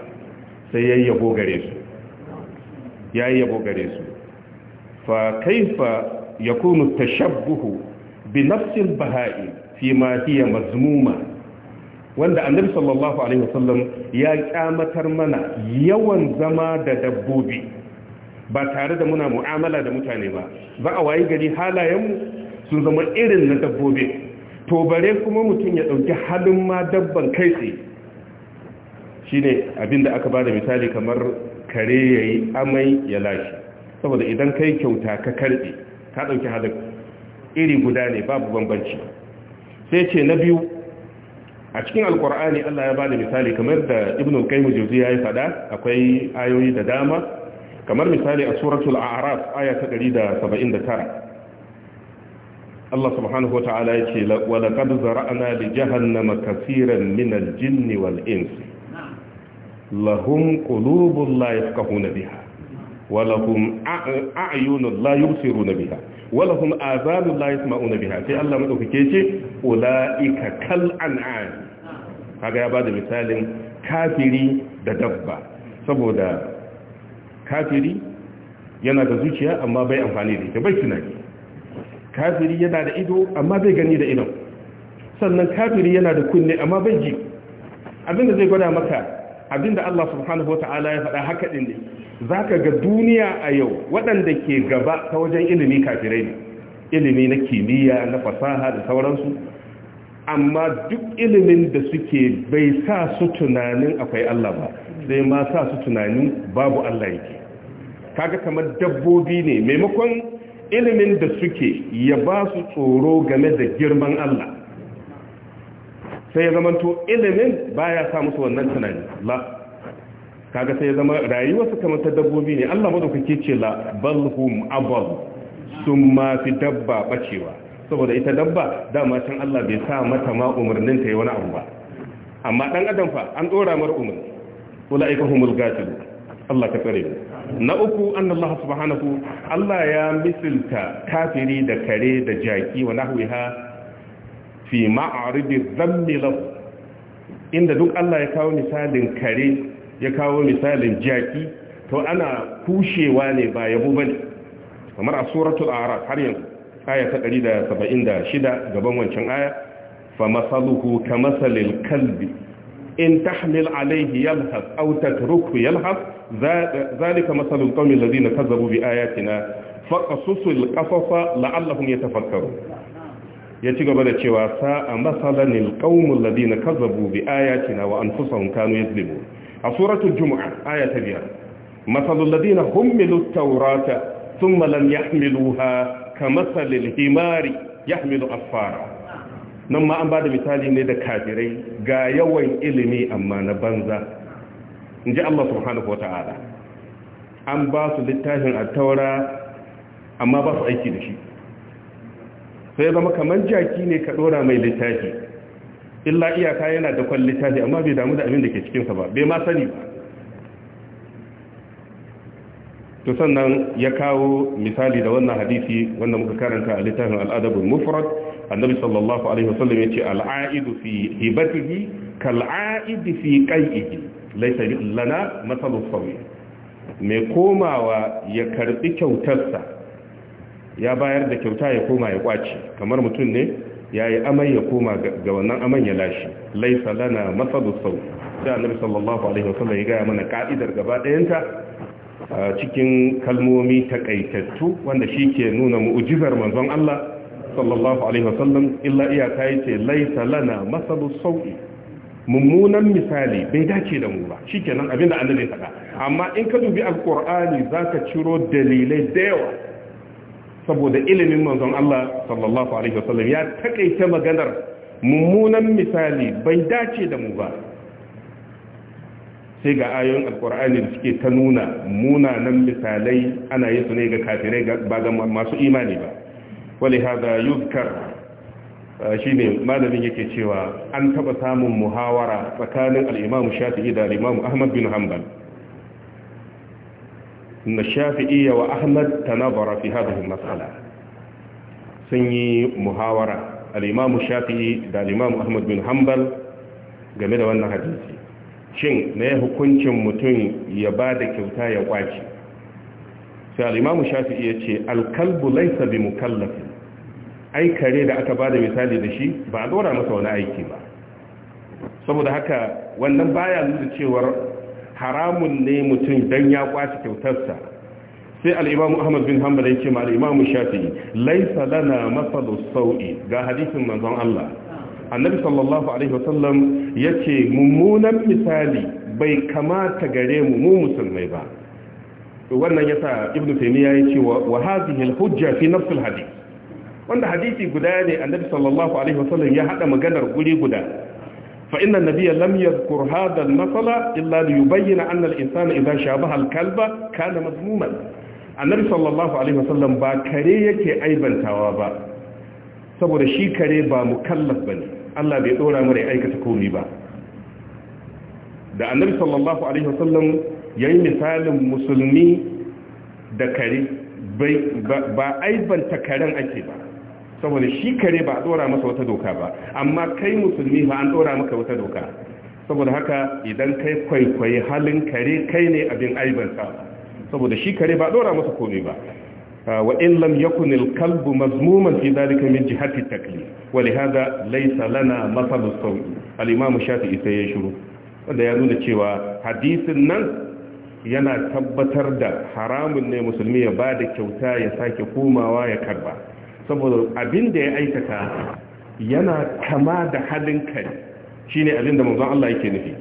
sai yayyabo gare su Ya yi yabo gare su fa kaifa yakunu tashabbuhu bi nafsil baha'i fi ma mazmuma wanda annabi sallallahu alaihi wasallam ya kyamatar mana yawan zama da dabbobi ba tare da muna mu'amala da mutane ba za a wayi gari halayenmu sun zama irin na dabbobi to bare kuma mutum ya ɗauki halin ma dabban kai tsaye shine abinda aka bada misali kamar kare ya yi amai ya lashe saboda idan kai kyauta ka karbe ka ɗauki halin iri guda ne babu bambanci sai ce na biyu a cikin alkur'ani Allah ya bada misali kamar da ibn al-qayyim ya yi fada akwai ayoyi da dama kamar misali a suratul a'raf aya ta 179 Allah subhanahu Allah ya ce wa laqad zara'na li jahannama kaseeran min al-jinni wal-insi lahum qulubun la yafqahuna biha wa lahum a'yunun la yubsiruna biha wa lahum azanun la yasma'una biha sai Allah madaukake ce ulaika kal an'am kaga ya ba da misalin kafiri da dabba saboda kafiri yana da zuciya amma bai amfani da ita bai tunani kafiri yana da ido amma bai gani da idon sannan kafiri yana da kunne amma bai ji abinda zai gwada maka abinda Allah subhanahu wata'ala ya faɗa haka din ne zaka ga duniya a yau waɗanda ke gaba ta wajen ilimi kafirai ne ilimi na kimiyya na fasaha da sauransu amma duk ilimin da suke bai sa su tunanin akwai Allah ba sai ma sa su tunanin babu Allah yake kaga kamar dabbobi ne maimakon ilimin da suke ya ba su tsoro game da girman Allah sai ya zamanto ilimin baya sa musu wannan tunani la kaga sai ya zama rayuwar su kamar ta dabbobi ne Allah madaukake ce la balhum abal sun fi dabba bacewa saboda ita dabba dama can Allah bai sa mata ma umarnin ta yi wani abu ba amma dan adam fa an dora mar umarni ulaika humul gatil Allah ka tsare mu na uku annallahu subhanahu Allah ya misilta kafiri da kare da jaki wa nahwiha fi ma'aridi zammi lahu inda duk Allah ya kawo misalin kare ya kawo misalin jaki to ana kushewa ne ba yabo bane kamar a suratul a'raf har yanzu aya ta 176 gaban wancan aya fa masaluhu ka masalil kalbi in tahmil alayhi yalhas aw tatruku yalhas zalika masalul qawmi alladhina kazzabu bi ayatina faqasusul qasasa la'allahum yatafakkarun ya ci gaba da cewa sa'a masalanil qaumul ladina kazzabu bi ayatina wa anfusahum kanu yadlimun a suratul jumu'a aya ta biyar masalul ladina hummilut tawrata thumma lam ka kamasalil himari yahmilu asfara nan ma an da misali ne da kafirai ga yawan ilimi amma na banza ji Allah subhanahu wata'ala an ba su littafin a taura amma ba su aiki da shi sai zama kamar jaki ne ka dora mai littafi illa iyaka yana da kwan littafi amma bai damu da abin da ke cikinsa ba bai ma sani ba to sannan ya kawo misali da wannan hadisi wanda muka karanta a littafin al'adabul mufrad annabi sallallahu alaihi wasallam yace al'aidu fi hibatihi kal'aidi fi qai'ihi laysa lana masalu sawi mai komawa ya karbi kyautarsa ya bayar da kyauta ya koma ya kwaci kamar mutum ne ya yi amai ya koma ga wannan aman ya lashi laisa lana masadu sau da annabi sallallahu alaihi wasallam ya gaya mana ka'idar gaba ɗayanta cikin kalmomi takaitattu wanda shi ke nuna mu'ujizar manzon Allah sallallahu alaihi wasallam illa iya yi ce laisa lana masadu sau mummunan misali bai dace da mu ba kenan abinda annabi ya faɗa amma in ka dubi za ka ciro dalilai da yawa saboda ilimin manzon Allah sallallahu alaihi wasallam ya takaita maganar mummunan misali bai dace da mu ba sai ga ayoyin alkur'ani da suke ta nuna munanan misalai ana yin su ne ga kafirai ba ga masu imani ba wani hada yuzkar uh, shi ne malamin yake cewa an taba samun muhawara tsakanin al'imamu shafi'i da al'imamu ahmad bin hanbal na shafi'iyya wa ahmad tanabara fi hadhihi mas'ala sun yi muhawara al-imam shafi'i da al ahmad bin game da wannan hadisi shin me hukuncin mutum ya ba da kyauta ya kwaci sai al-imam shafi'i yace al-kalbu laysa bi mukallaf ai kare da aka bada misali da shi ba a dora masa wani aiki ba saboda haka wannan baya nuna cewar haramun ne mutum dan ya kwaci kyautarsa sai al-imamu ahmad bin hanbal yake ma al-imamu shafi'i laysa lana masalu sau'i ga hadisin manzon Allah annabi sallallahu alaihi wasallam yace mummunan misali bai kamata gare mu mu musulmai ba wannan yasa ibnu taymiya yace wa hadhihi al-hujja fi nafs wanda hadisi guda ne annabi sallallahu alaihi wasallam ya hada maganar guri guda فإن النبي لم يذكر هذا المثل إلا ليبين أن الإنسان إذا شابه الكلب كان مذموما annabi sallallahu alaihi wasallam ba kare yake aibantawa ba saboda shi kare ba mukallaf bane Allah bai dora mu da aikata komai ba da annabi sallallahu alaihi wasallam yayi misalin musulmi da kare ba aibanta karen ake ba saboda shi kare ba a dora masa wata doka ba amma kai musulmi ba an dora maka wata doka saboda haka idan kai kwaikwayi halin kare kai ne abin aibanta saboda shi kare ba dora masa komai ba ah, wa in lam yakun al kalb mazmuman fi dalika min jihati at taklif wa li hada laysa lana masal sawi al imam shafi'i sai ya shiru wanda ya nuna cewa hadisin nan yana tabbatar da haramun ne musulmi ya bada kyauta ya sake komawa ya karba saboda abin da ya aikata yana kama da halin kai shine abin da manzon Allah yake nufi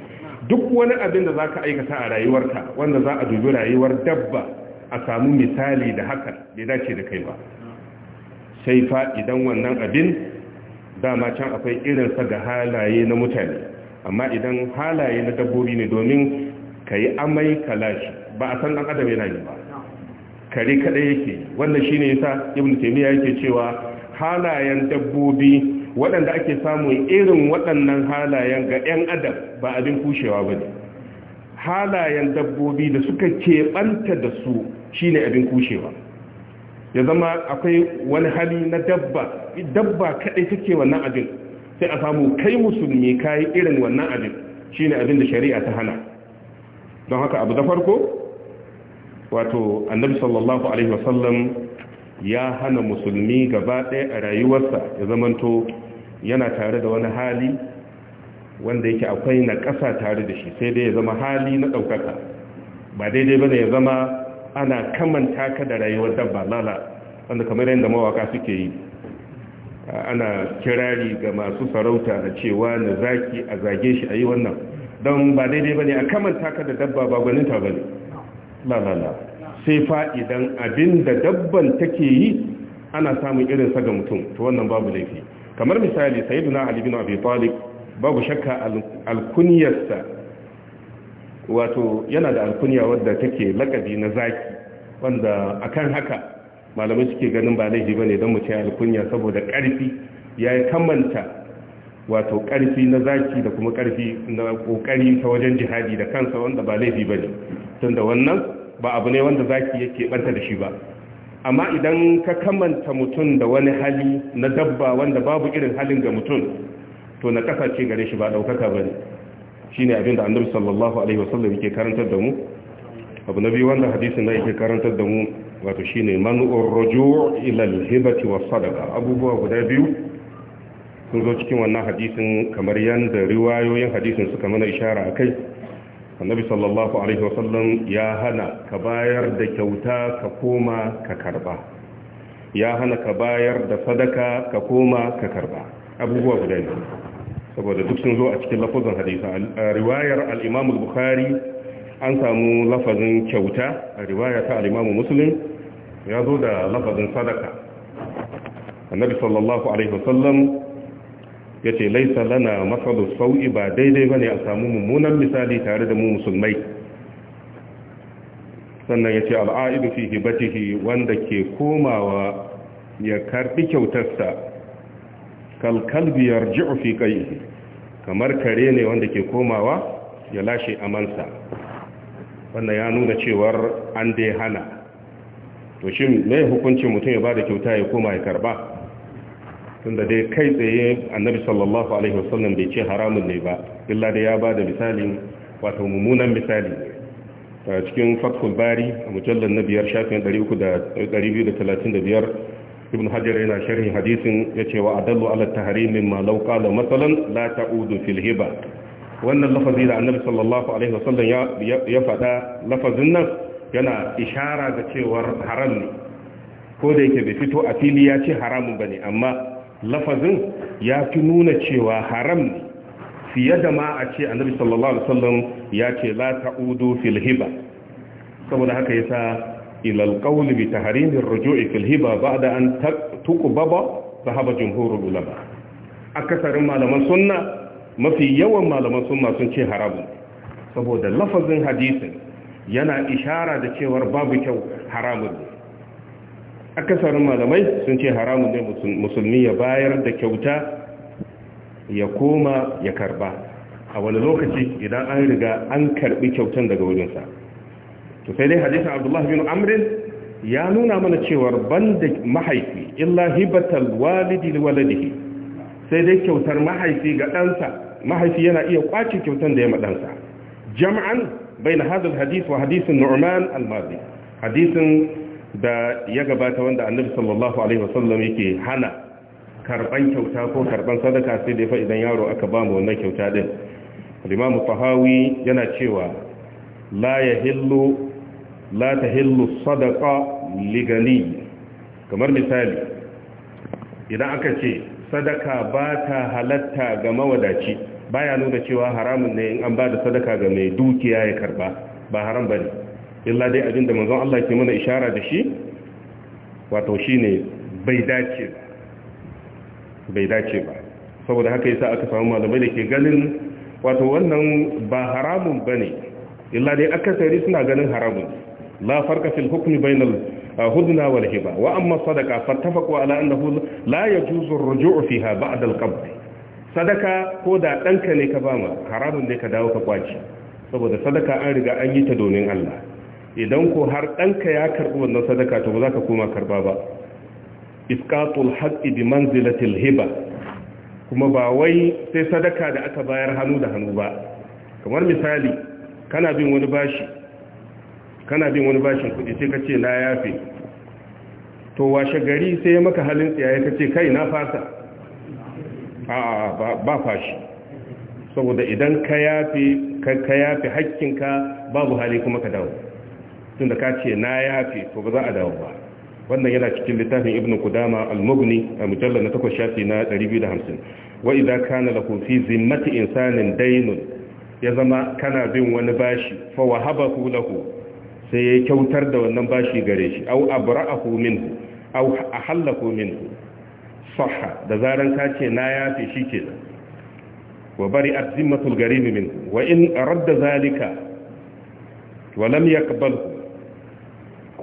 duk wani abin da za ka aikata a rayuwarka wanda za a dubi rayuwar dabba a samu misali da hakan bai dace da kai ba sai fa idan wannan abin dama can akwai irinsa ga halaye na mutane amma idan halaye na dabbobi ne domin ka yi amai kalashi ba a san ɗan adam yana yi ba kare kadai yake wannan shine yasa ibnu taymiya yake cewa halayen dabbobi waɗanda ake samu irin waɗannan halayen ga 'yan adam ba abin kushewa ba ne halayen dabbobi da suka keɓanta da su shine abin kushewa ya zama akwai wani hali na dabba dabba kaɗai take wannan abin sai a samu kai musulmi kai irin wannan abin shine abin da shari'a ta hana don haka abu da farko wato annabi sallallahu alaihi wasallam ya hana musulmi gaba ɗaya a rayuwarsa ya zamanto yana tare da wani hali wanda yake akwai na ƙasa tare da shi sai dai ya zama hali na ɗaukaka ba daidai ba ya zama ana kamanta ka da rayuwar dabba lala wanda kamar yadda mawaka suke yi ana kirari ga masu sarauta a cewa na zaki a zage shi a yi wannan don ba daidai ba ne a kamanta ka da dabba ba gwaninta ba ne lalala sai fa idan abin da dabban take yi ana samun irin sa ga mutum to wannan babu laifi kamar misali saidu ali bin abi talib babu shakka alkunyarsa wato yana da alkunya wadda take lakabi na zaki wanda akan haka malamai suke ganin ba laifi bane dan mu ce alkuniya saboda ƙarfi ya kamanta wato ƙarfi na zaki da kuma ƙarfi na ƙoƙari ta wajen jihadi da kansa wanda ba laifi ba ne tun da wannan ba abu ne wanda zaki yake ɓanta da shi ba amma idan ka kamanta mutum da wani hali na dabba wanda babu irin halin ga mutum to na kasance ce gare shi ba ɗaukaka ba ne shi ne abin da annabi sallallahu alaihi wasallam yake karantar da mu abu na biyu wanda hadisin da yake karantar da mu wato shine man rujuu ila al-hibati was sadaqa abubuwa guda biyu sun zo cikin wannan hadisin kamar yadda riwayoyin hadisin suka mana ishara a kai annabi sallallahu alaihi wasallam ya hana ka bayar da kyauta ka koma ka karba ya hana ka bayar da sadaka ka koma ka karba abubuwa guda ne saboda duk sun zo a cikin lafazin hadisa a riwayar al bukhari an samu lafazin kyauta a riwaya ta al musulun ya zo da lafazin sadaka annabi sallallahu alaihi wasallam ya ce laisa lana masalu sau'i ba daidai ba ne a samu mummunan misali tare da mu musulmai sannan ya ce al'a'idu fi hibatihi wanda ke komawa ya karbi kyautarsa kalkalbi ya fi kai kamar kare ne wanda ke komawa ya lashe amansa wannan ya nuna cewar an dai hana to shi mai hukuncin mutum ya ba da kyauta ya koma ya karba tunda dai kai tsaye annabi sallallahu alaihi wasallam bai ce haramun ne ba illa da ya bada misalin wato mummunan misali cikin fathul bari a mujallar na biyar shafin 335 ibn hajar yana sharhin hadisin ya ce wa adallu ala tahrimin ma law masalan la ta'udu fil hiba wannan lafazi da annabi sallallahu alaihi wasallam ya faɗa lafazin nan yana ishara ga cewar haram ne ko da yake bai fito a fili ya ce haramun bane amma lafazin ya fi nuna cewa haram ne fiye da ma a ce annabi sallallahu alaihi wasallam ya ce la ta'udu fil hiba saboda haka yasa ila alqawl bi tahrim ar-ruju' fil hiba ba'da an tuqbaba sahaba jumhur ulama akasarin malaman sunna mafi yawan malaman sunna sun ce haramun saboda lafazin hadisin yana ishara da cewar babu kyau haramun ne akasarin malamai sun ce haramun ne musulmi ya bayar da kyauta ya koma ya karba a wani lokaci idan an riga an karbi kyautan daga wurinsa to sai dai hadisin abdullahi bin amrin ya nuna mana cewar banda mahaifi illa hibatal walidi waladihi sai dai kyautar mahaifi ga ɗansa mahaifi yana iya kwace kyautan da ya maɗansa jam'an bai na hadal hadis wa hadisin nu'man al-mazi hadisin da ya gabata wanda annabi sallallahu alaihi wasallam yake hana karban kyauta ko karban sadaka sai da fa idan yaro aka ba mu wannan kyauta din Imam Tahawi yana cewa la yahillu la tahillu sadaqa gani kamar misali idan aka ce sadaka ba ta halatta ga mawadaci baya nuna cewa haramun ne in an ba da sadaka ga mai dukiya ya karba ba haram bane illa dai abin da manzon Allah ke mana ishara da shi wato shine bai dace bai dace ba saboda haka yasa aka samu malamai da ke ganin wato wannan ba haramun bane illa dai akasari suna ganin haramun la farka fil hukmi bainal ah, hudna wal hiba wa amma sadaqa fattafaqu ala annahu la yajuzu ar-ruju' fiha ba'da al-qabd sadaka ko da danka ne ka bama haramun ne ka dawo ka kwaci saboda sadaka an riga an yi ta domin Allah idan ko har ɗanka ya karɓi wannan sadaka to ba za ka koma karɓa ba iskatul haqqi bi manzilatil hiba kuma ba wai sai sadaka da aka bayar hannu da hannu ba kamar misali kana bin wani bashi kana bin wani bashin kuɗi sai ka ce na yafe to washe gari sai ya maka halin tsaye ka ce kai na fasa a ba fashi saboda idan ka yafe hakkinka babu hali kuma ka dawo tun da ka ce na yafe to ba za a dawo ba wannan yana cikin littafin ibnu kudama al-mughni a mujallar na takwas shafi na 250 wa idza kana lahu fi zimmati insanin daynun ya zama kana bin wani bashi fa wahabahu lahu sai ya kyautar da wannan bashi gare shi aw abra'ahu minhu aw ahallahu minhu sahha da zaran ka ce na yafe da wa bari'at zimmatul gharim minhu wa in radda zalika wa lam yaqbalhu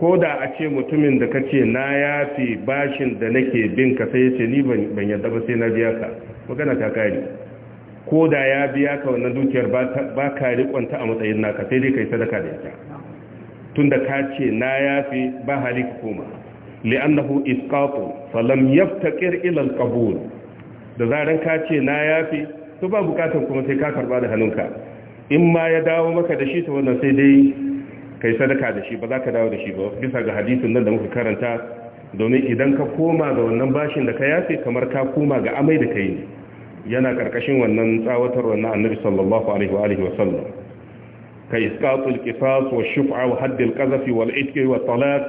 ko da a ce mutumin da ka ce na ya fi bashin da nake bin ka sai ya ce ni ban yadda ba sai na biya ka magana ta kari ko da ya biya ka wannan dukiyar ba ka rikonta a matsayin naka sai dai kai sadaka da ita tun da ka ce na ya fi ba hali ka koma li'annahu isqatu falam yaftaqir ila al-qabul da zaran ka ce na ya fi to ba bukatar kuma sai ka karba da hannunka in ma ya dawo maka da shi ta wannan sai dai kai sadaka da shi ba za ka dawo da shi ba bisa ga hadisin nan da muka karanta domin idan ka koma ga wannan bashin da ka yafe kamar ka koma ga amai da kai ne yana karkashin wannan tsawatar wannan annabi sallallahu alaihi wa alihi wa sallam kai isqatul qisas wa shuf'a wa hadd al qazf wal itq wa talaq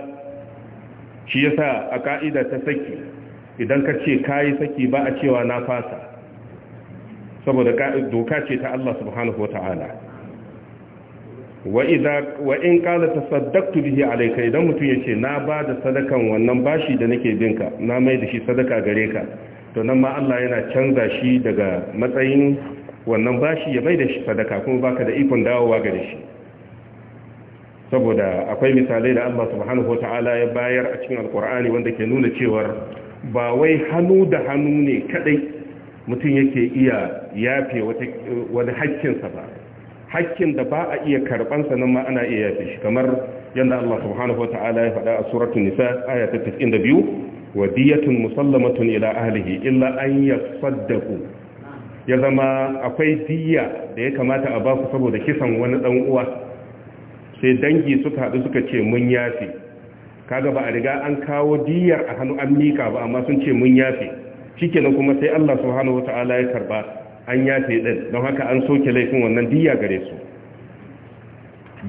shi yasa a ka'ida ta saki idan ka ce kai saki ba a cewa na fasa saboda doka ce ta Allah subhanahu wa ta'ala wa in kala ta saddaktu bihi alaika idan mutum ya ce na ba da sadakan wannan bashi da nake binka na mai da shi sadaka gare ka to nan ma Allah yana canza shi daga matsayin wannan bashi ya mai da shi sadaka kuma baka da ikon dawowa gare shi saboda akwai misalai da Allah subhanahu wataala ya bayar a cikin alkur'ani wanda ke nuna cewa ba wai hannu da hannu ne kadai mutum yake iya yafe wani hakkinsa ba hakkin da ba a iya karban sanan ma ana iya yafe shi kamar yadda Allah subhanahu wataala ya faɗa a suratun nisa aya 92 wa diyatun musallamatun ila ahlihi illa an yasaddaqu ya zama akwai diyya da ya kamata a ba ku saboda kisan wani dan uwa sai dangi suka haɗu suka ce mun yafe kaga ba a riga an kawo diyar a hannu an mika ba amma sun ce mun yafe shikenan kuma sai Allah subhanahu wataala ya karba an yafe ɗin, don haka an soke laifin wannan diya gare su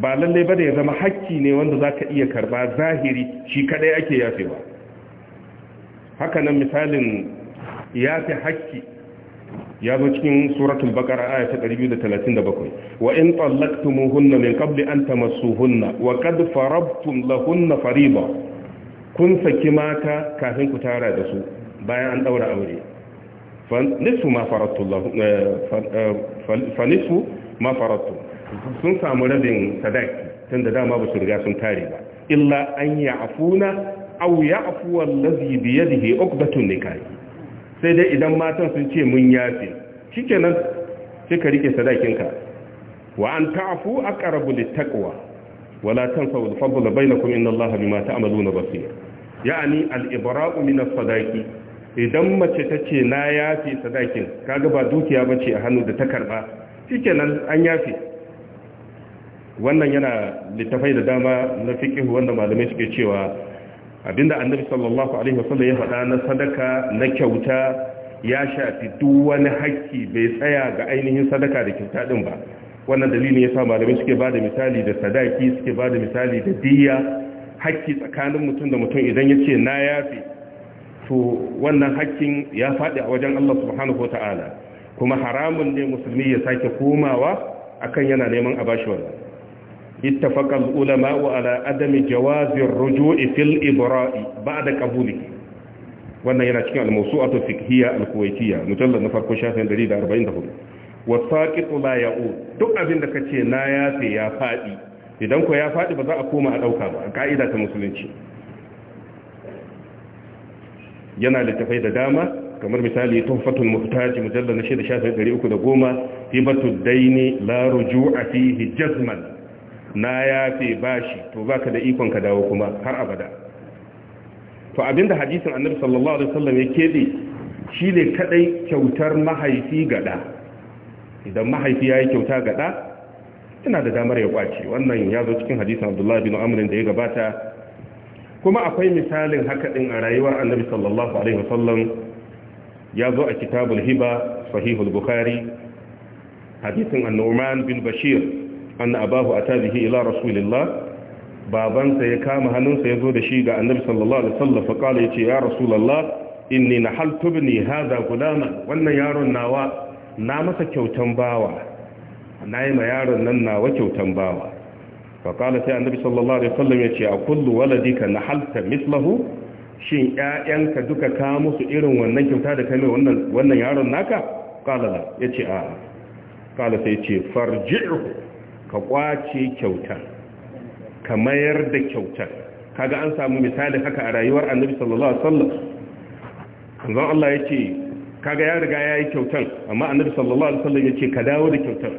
ba lallai ba da ya zama hakki ne wanda za ka iya karba zahiri shi kaɗai ake yafe ba haka nan misalin yafe hakki ya zo cikin suratun bakar aya ta 237 wa in hunna mai kabli an hunna. wa farabtun farabtum hunna fariba kun saki mata kafin ku tara da su bayan an ɗaura aure fanisu ma faratu eh, fanisu eh, ma faratu sun samu rabin sadaki tun da dama ba su riga sun tare ba illa an ya afuna au ya afuwa lazi biye da he okbatun ne sai dai idan matan sun ce mun yafe shi nan sai ka rike sadakinka wa an ta'afu a ƙarabu littaƙwa wala tan sau da fabula bai na kuma inna Allah bima ta'amalu na basir ya'ani al-ibra'u min as-sadaqi idan mace ta ce na yafi sadakin kaga ba dukiya ba ce a hannu da ta karba shikenan an yafi wannan yana littafai da dama na fikihu wanda malamai suke cewa abinda annabi sallallahu alaihi wasallam ya faɗa na sadaka na kyauta ya shafi duk wani hakki bai tsaya ga ainihin sadaka da kyauta din ba wannan dalilin yasa malamai suke bada misali da sadaki suke bada misali da diyya hakki tsakanin mutum da mutum idan ya ce na yafi to wannan hakkin ya faɗi a wajen Allah subhanahu wata'ala kuma haramun ne musulmi ya sake komawa akan yana neman a bashi wannan ittafaqa ulama wa ala adami jawazi rujui fil ibra'i ba'da qabuli wannan yana cikin al-mawsu'atu fiqhiyya al-kuwaitiyya mujallad na farko shafin 144 saqitu la ya'u duk abin da kace na yafe ya faɗi idan ko ya faɗi ba za a koma a ɗauka ba a ka'ida ta musulunci yana littafai da dama kamar misali tuhfatul muhtaj mujallal na 6310 hibatud daini la rujua fihi jazman na yafe bashi to baka da ikon ka dawo kuma har abada to abinda hadisin annabi sallallahu alaihi wasallam ya kebe shine kadai kyautar mahaifi gada idan mahaifi yayi kyauta gada yana da damar ya kwaci wannan ya zo cikin hadisin Abdullahi bin Amr da ya gabata kuma akwai misalin haka din a rayuwar annabi sallallahu alaihi wasallam ya zo a kitabul hiba sahihul bukhari hadisin annuman bin bashir anna abahu atabihi ila rasulillah babansa ya kama hannunsa ya zo da shi ga annabi sallallahu alaihi wasallam fa kala yace ya rasulullah inni nahaltu ibni hadha gulama wannan yaron nawa na masa kyautan bawa na yi ma yaron nan nawa kyautan bawa faƙala sai annabi sallallahu alaihi wasallam ya ce a kullu waladika na halta mislahu shin ƴaƴanka duka ka musu irin wannan kyauta da kai wannan wannan yaron naka qala la yace a qala sai yace farji'u ka kwace kyauta ka mayar da kyauta kaga an samu misali haka a rayuwar annabi sallallahu alaihi wasallam zan Allah yace kaga ya riga yayi kyautan amma annabi sallallahu alaihi wasallam yace ka dawo da kyautan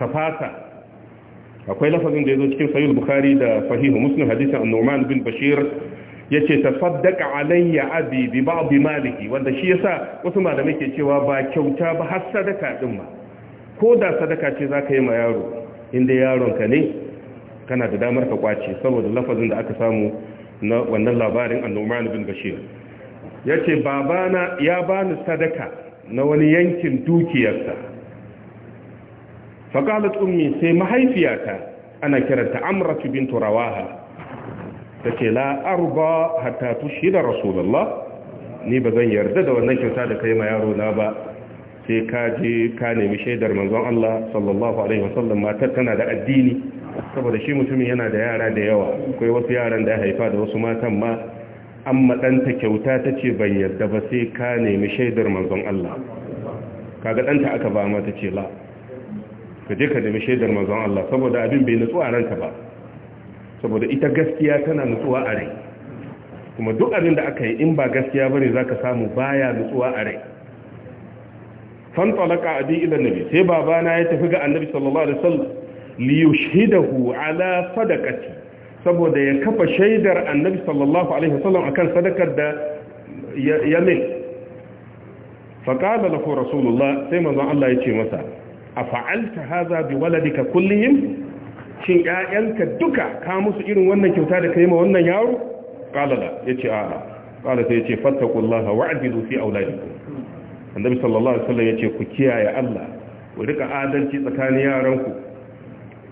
ka fasa akwai lafazin da ya zo cikin sayul bukhari da sahih muslim hadisin an-nu'man bin bashir yace tafaddaka alayya abi bi ba'd maliki wanda shi yasa wasu malamai ke cewa ba kyauta ba har sadaka din ma ko da sadaka ce za ka yi ma yaro inda yaron ka ne kana da damar ka kwace saboda lafazin da aka samu na wannan labarin an-nu'man bin bashir yace babana ya bani sadaka na wani yankin dukiyarsa faqalat ummi sai mahaifiyata ana kiranta amratu bint rawaha tace la arba hatta tushhida rasulullah ni bazan yarda da wannan kyauta da kai ma yaro na ba sai ka je ka nemi shaidar manzon Allah sallallahu alaihi wasallam matar tana da addini saboda shi mutumin yana da yara da yawa akwai wasu yaran da ya haifa da wasu matan ma an madanta kyauta tace ban yarda ba sai ka nemi shaidar manzon Allah kaga danta aka ba mata ce la ka je ka nemi shaidar manzon Allah saboda abin bai nutsu a ranka ba saboda ita gaskiya tana nutsuwa a rai kuma duk abin da aka yi in ba gaskiya ba bane zaka samu baya nutsuwa a rai fan talaka abi ila nabi sai babana ya tafi ga annabi sallallahu alaihi wasallam li yushhidahu ala sadaqati saboda ya kafa shaidar annabi sallallahu alaihi wasallam akan sadakar da ya mai faqala lahu rasulullah sai manzon Allah ya ce masa a fa'alta haza bi waladika kullihim shin ƴaƴanka duka ka musu irin wannan kyauta da ka yi ma wannan yaro qala la yace a'a qala sai yace fattaqullaha wa'dilu fi auladikum annabi sallallahu alaihi wasallam ce ku kiyaye Allah ku rika adalci tsakanin yaranku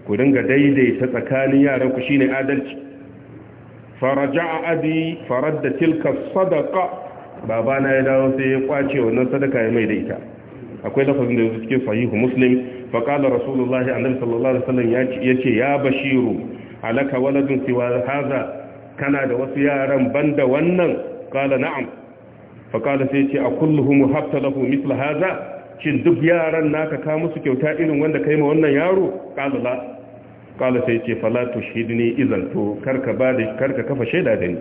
ku dinga daidaita tsakanin yaranku shine adalci faraja'a abi faradda tilka sadaqa babana ya dawo sai ya kwace wannan sadaka ya mai da ita akwai lafazin da yanzu cikin sahihu muslim fa qala rasulullahi annabi sallallahu alaihi wasallam yace ya bashiru alaka waladun siwa haza. kana da wasu yaran banda wannan qala na'am fa sai ce a kulluhum habta lahu mithla shin duk yaran naka ka musu kyauta irin wanda kai ma wannan yaro qala la qala sai yace fala tushhidni idan to karka ba da karka kafa shaida da ni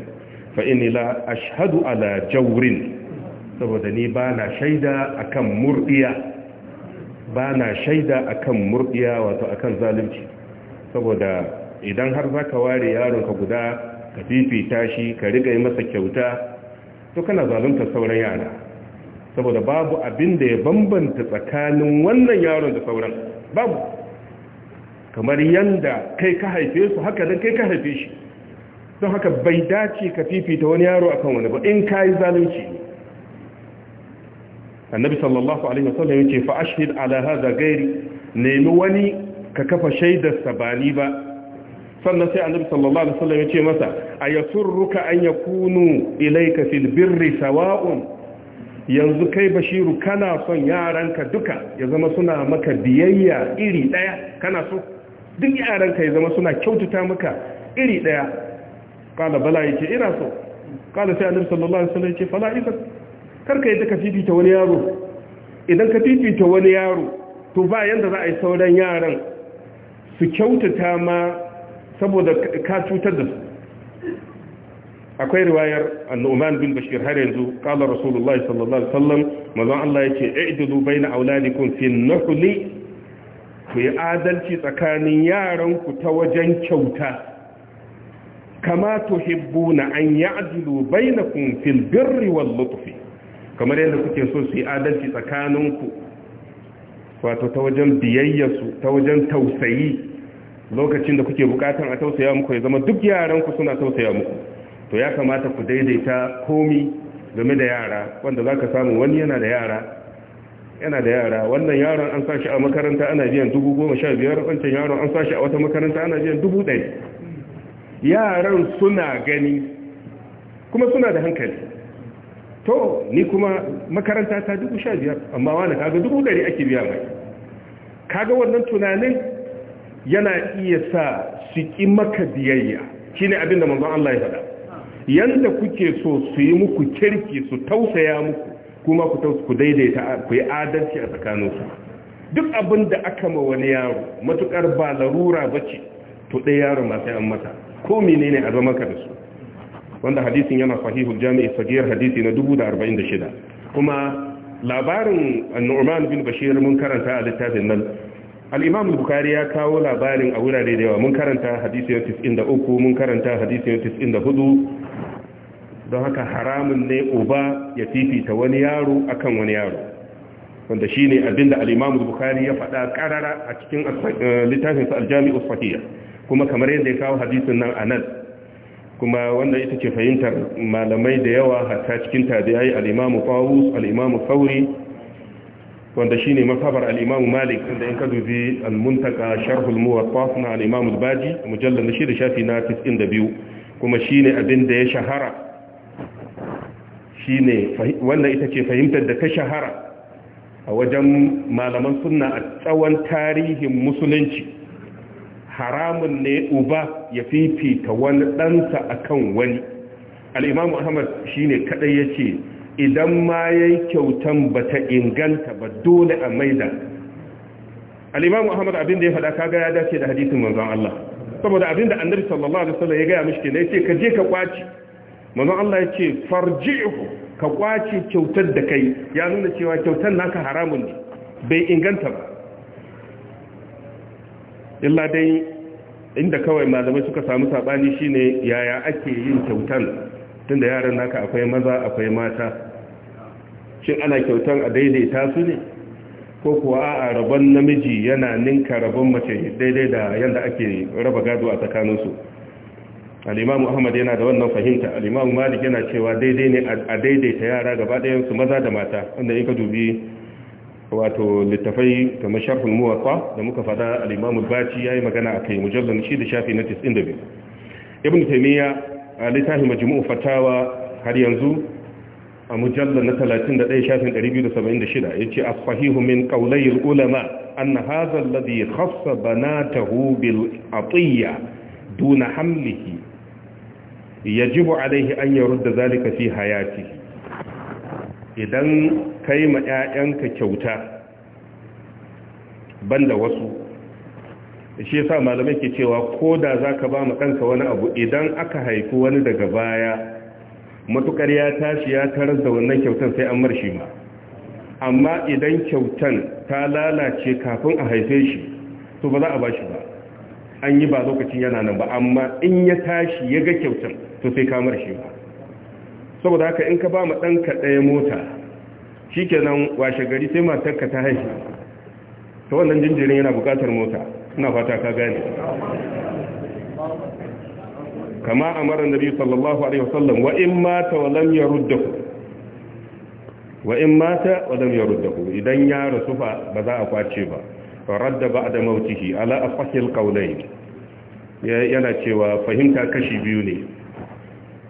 fa inni la ashhadu ala jawrin saboda ni ba na shaida akan murdiya ba na shaida akan murdiya wato akan zalunci saboda idan har za ka ware yaron ka guda ka fifita shi ka riga yi masa kyauta to kana zalunta sauran yara saboda babu abin da ya bambanta tsakanin wannan yaron da sauran babu kamar yanda kai ka haife su haka dan kai ka haife shi don haka bai dace ka fifita wani yaro akan wani ba in kayi zalunci annabi sallallahu alaihi wasallam yace fa ashhid ala hadha ghairi nemi wani ka kafa shaidar sabani ba sannan sai annabi sallallahu alaihi wasallam yace masa ayasurruka an yakunu ilayka fil birri sawa'un yanzu kai bashiru kana son yaranka duka ya zama suna maka biyayya iri daya kana so duk yaranka ya zama suna kyautata maka iri daya qala bala yace ina so qala sai annabi sallallahu alaihi wasallam yace fala idan karka yadda ka fifita wani yaro idan ka fifita wani yaro to ba yadda za a yi sauran yaran su kyautata ma saboda ka cutar da su akwai riwayar annu'man bin bashir har yanzu qala rasulullahi sallallahu alaihi wasallam manzon Allah yake i'dilu baina auladikum fi an ku yi adalci tsakanin yaran ku ta wajen kyauta kama tuhibbuna an ya'dilu bainakum fil birri wal lutfi kamar yadda kuke so su yi adalci tsakaninku wato ta wajen biyayyarsu ta wajen tausayi lokacin da kuke bukatar a tausaya muku ya zama duk yaranku suna tausaya muku to ya kamata ku daidaita komi game da yara wanda za ka samu wani yana da yara yana da yara wannan yaron an sashi a makaranta ana biyan dubu goma sha biyar wancan yaron an sashi a wata makaranta ana biyan dubu yaran suna gani kuma suna da hankali to ni kuma makaranta ta dubu sha biyar amma wani kaga dubu dari ake biya mai kaga wannan tunanin yana iya sa su ƙi maka biyayya shi ne abinda manzon Allah ya faɗa yanda kuke so su yi muku kirki su tausaya muku kuma ku ku daidaita ku yi adalci a tsakaninsu duk abin aka ma wani yaro matukar ba larura ba ce to ɗaya yaro masu yan mata ko menene a zama ka da su wanda hadisin yana sahihul jami'i sagiyar hadisi na 1046 kuma labarin annu'man bin bashir mun karanta a littafin nan al-imam bukhari ya kawo labarin a wurare da yawa mun karanta hadisi na 93 mun karanta hadisi na 94 don haka haramun ne uba ya fifita wani yaro akan wani yaro wanda shine abinda al-imam bukhari ya faɗa karara a cikin eh, littafin sa al-jami'u sahih kuma kamar yadda ya kawo hadisin nan anan kuma wanda ita ce fahimtar malamai da yawa hatta cikin tabi'ai al-imamu Al'imamu al Thawri wanda shine mafabar al-imamu Malik da in ka dubi al-muntaka sharh al-muwatta na al-imamu al-Baji mujallal shi da shafi na 92 kuma shine abin da ya shahara shine wanda ita ce fahimtar da ta shahara a wajen malaman sunna a tsawon tarihin musulunci haramun ne uba ya fifita wani ɗansa akan wani Muhammad shi ne kadai ya ce idan ma ya yi kyautan ba ta inganta ba dole a maida al’imam Muhammad abin da ya faɗa kaga ya dace da hadisin manzan Allah saboda abin da annabi sallallahu alaihi wasallam ya gaya mishi ne, ya ce ka je ka kwaci manzan Allah ya ce farji'u ka kwace kyautar da kai ya nuna cewa kyautar naka haramun ne bai inganta ba illa dai inda kawai malamai suka samu sabani shine yaya ake yin kyautan tunda yaran naka akwai maza akwai mata shin ana kyautan a daidaita su ne ko kuwa a rabon namiji yana ninka rabon mace daidai da yadda ake raba gado a tsakaninsu al'imamu ahmad yana da wannan fahimta al'imamu malik yana cewa daidai ne a daidaita yara gaba su maza da mata wanda in ka dubi wato littafai kamar sharhul muwatta da muka fada al-imam al-baci yayi magana akai mujallal shi da shafi na 92 ibn taymiya a littafin majmu'u fatawa har yanzu a mujallal na 31 shafin 276 yace as-sahihu min qawlay al-ulama anna hadha alladhi khassa banatahu bil atiyya duna hamlihi yajibu alayhi an yurda dhalika fi hayatihi idan kai ma 'ya'yanka kyauta banda wasu shi yasa malamai ke cewa ko da zaka ba mu kanka wani abu idan aka haifi wani daga baya matukar ya tashi ya tarar da wannan kyautan sai an marshi ma amma idan kyautan ta lalace kafin a haife shi to ba za a bashi ba an yi ba lokacin yana nan ba amma in ya tashi ya ga kyautan to sai ka marshi ba saboda haka in ka ba ma ɗanka ɗaya mota shi nan washe gari sai matarka ta haifi ta wannan jinjirin yana buƙatar mota ina fata ka gane kama a marar nabi sallallahu alaihi wasallam wa in mata wa lam yaruddahu wa in mata wa lam yaruddahu idan ya rasu fa ba za a kwace ba faradda ba'da mautihi ala afsil qawlayn yana cewa fahimta kashi biyu ne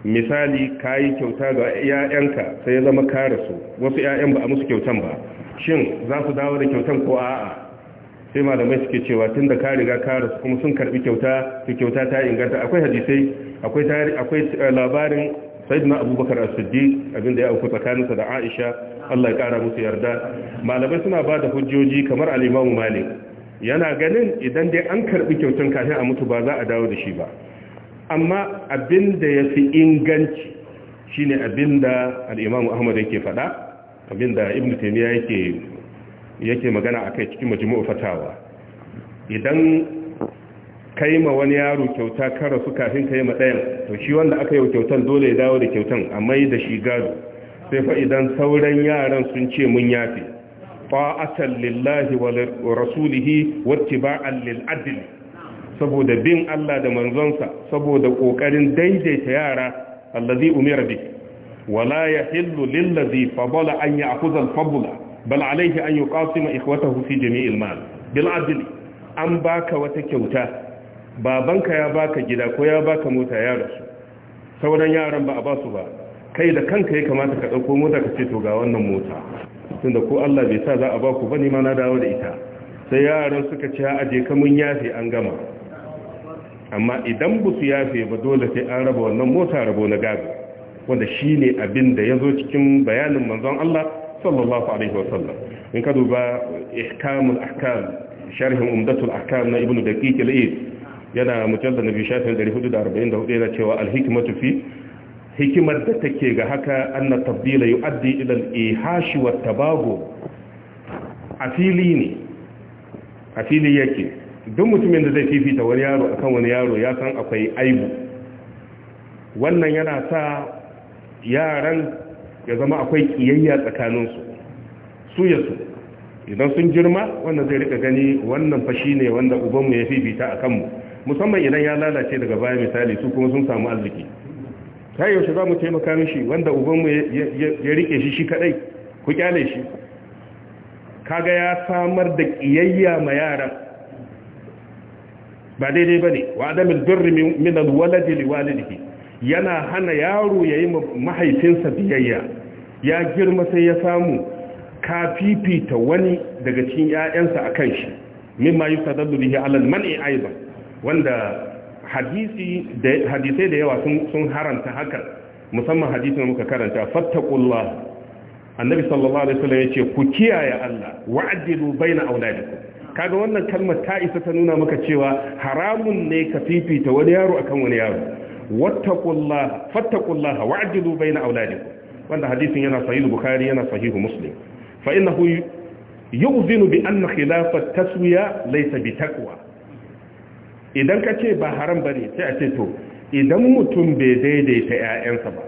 misali ka yi kyauta ga 'ya'yanka sai ya zama kare su wasu 'ya'yan ba a musu kyautan ba shin za su dawo da kyautan ko a'a sai malamai suke cewa tun da ka riga ka su kuma sun karbi kyauta su kyauta ta inganta akwai hadisai akwai eh, labarin na abubakar as abinda ya auku tsakaninsa da aisha Allah ya kara musu yarda malamai suna ba da hujjoji kamar al malik yana ganin idan dai an karbi kyautan kafin a mutu ba za a dawo da shi ba amma abin da ya fi inganci shi ne abin da al'imamu ahmad yake faɗa abin da ibn taimiyya yake magana a kai cikin majimu fatawa idan kai ma wani yaro kyauta kara su kafin yi ma ɗayan to shi wanda aka yi yau kyautan dole ya dawo da kyautan a mai da shi gado sai fa idan sauran yaran sun ce mun yafe fa'atan lillahi wa rasulihi wattiba'an lil lil'adili saboda bin Allah da manzonsa saboda kokarin daidaita yara allazi umira bi wala yahillu lil ladhi fadala an ya'khudha al fadla bal alayhi an yuqasima ikhwatahu fi jami' al mal bil adl an baka wata kyauta babanka ya baka gida ko ya baka mota ya rasu sauran yaran ba a ba su ba kai da kanka ya kamata ka dauko mota ka ce to ga wannan mota tunda ko Allah bai sa za a ba ku bane ma na dawo da ita sai yaran suka ce aje ka mun yafe an gama amma idan ba su yafe ba dole sai an raba wannan mota rabo na gado wanda shi ne abin da ya zo cikin bayanin manzon Allah sallallahu alaihi wasallam in ka duba ihkamul ahkam sharhin umdatul ahkam na ibnu daqiq al yana mujallad nabi shafin 444 yana cewa al-hikmatu fi hikimar da take ga haka anna tabdila yuaddi ila al ihash wa tabago asili ne a fili yake duk mutumin da zai fifita wani yaro akan wani yaro ya san akwai aibu wannan yana sa yaran ya zama akwai kiyayya tsakaninsu su ya su idan sun girma wannan zai rika gani wannan fashi ne wanda ubanmu ya fifita a kanmu musamman idan ya lalace daga baya misali su kuma sun samu arziki ta yaushe za mu taimaka mishi wanda ubanmu ya rike shi shi kadai ku kyale shi kaga ya samar da kiyayya ma yaran ba daidai ba ne wa adamin birri min alwaladi liwalidihi yana hana yaro ya yi mahaifinsa biyayya ya girma sai ya samu ka fifita wani daga cikin ƴaƴansa kan shi mimma sadadu bihi ala mani aidan wanda hadisi da hadisai da yawa sun haramta haranta haka musamman hadisin da muka karanta fattaqullah annabi sallallahu alaihi wasallam yace ku kiyaye Allah wa'dilu baina auladikum kaga wannan kalmar ta isa ta nuna maka cewa haramun ne ka fifita wani yaro akan wani yaro wattaqullaha fattaqullaha wa'dilu baina auladikum wanda hadisin yana sahihu bukhari yana sahihu muslim fa innahu yu'zinu bi anna khilafa taswiya laysa bi taqwa idan ka ce ba haram bane sai a ce to idan mutum bai daidaita ƴaƴansa ba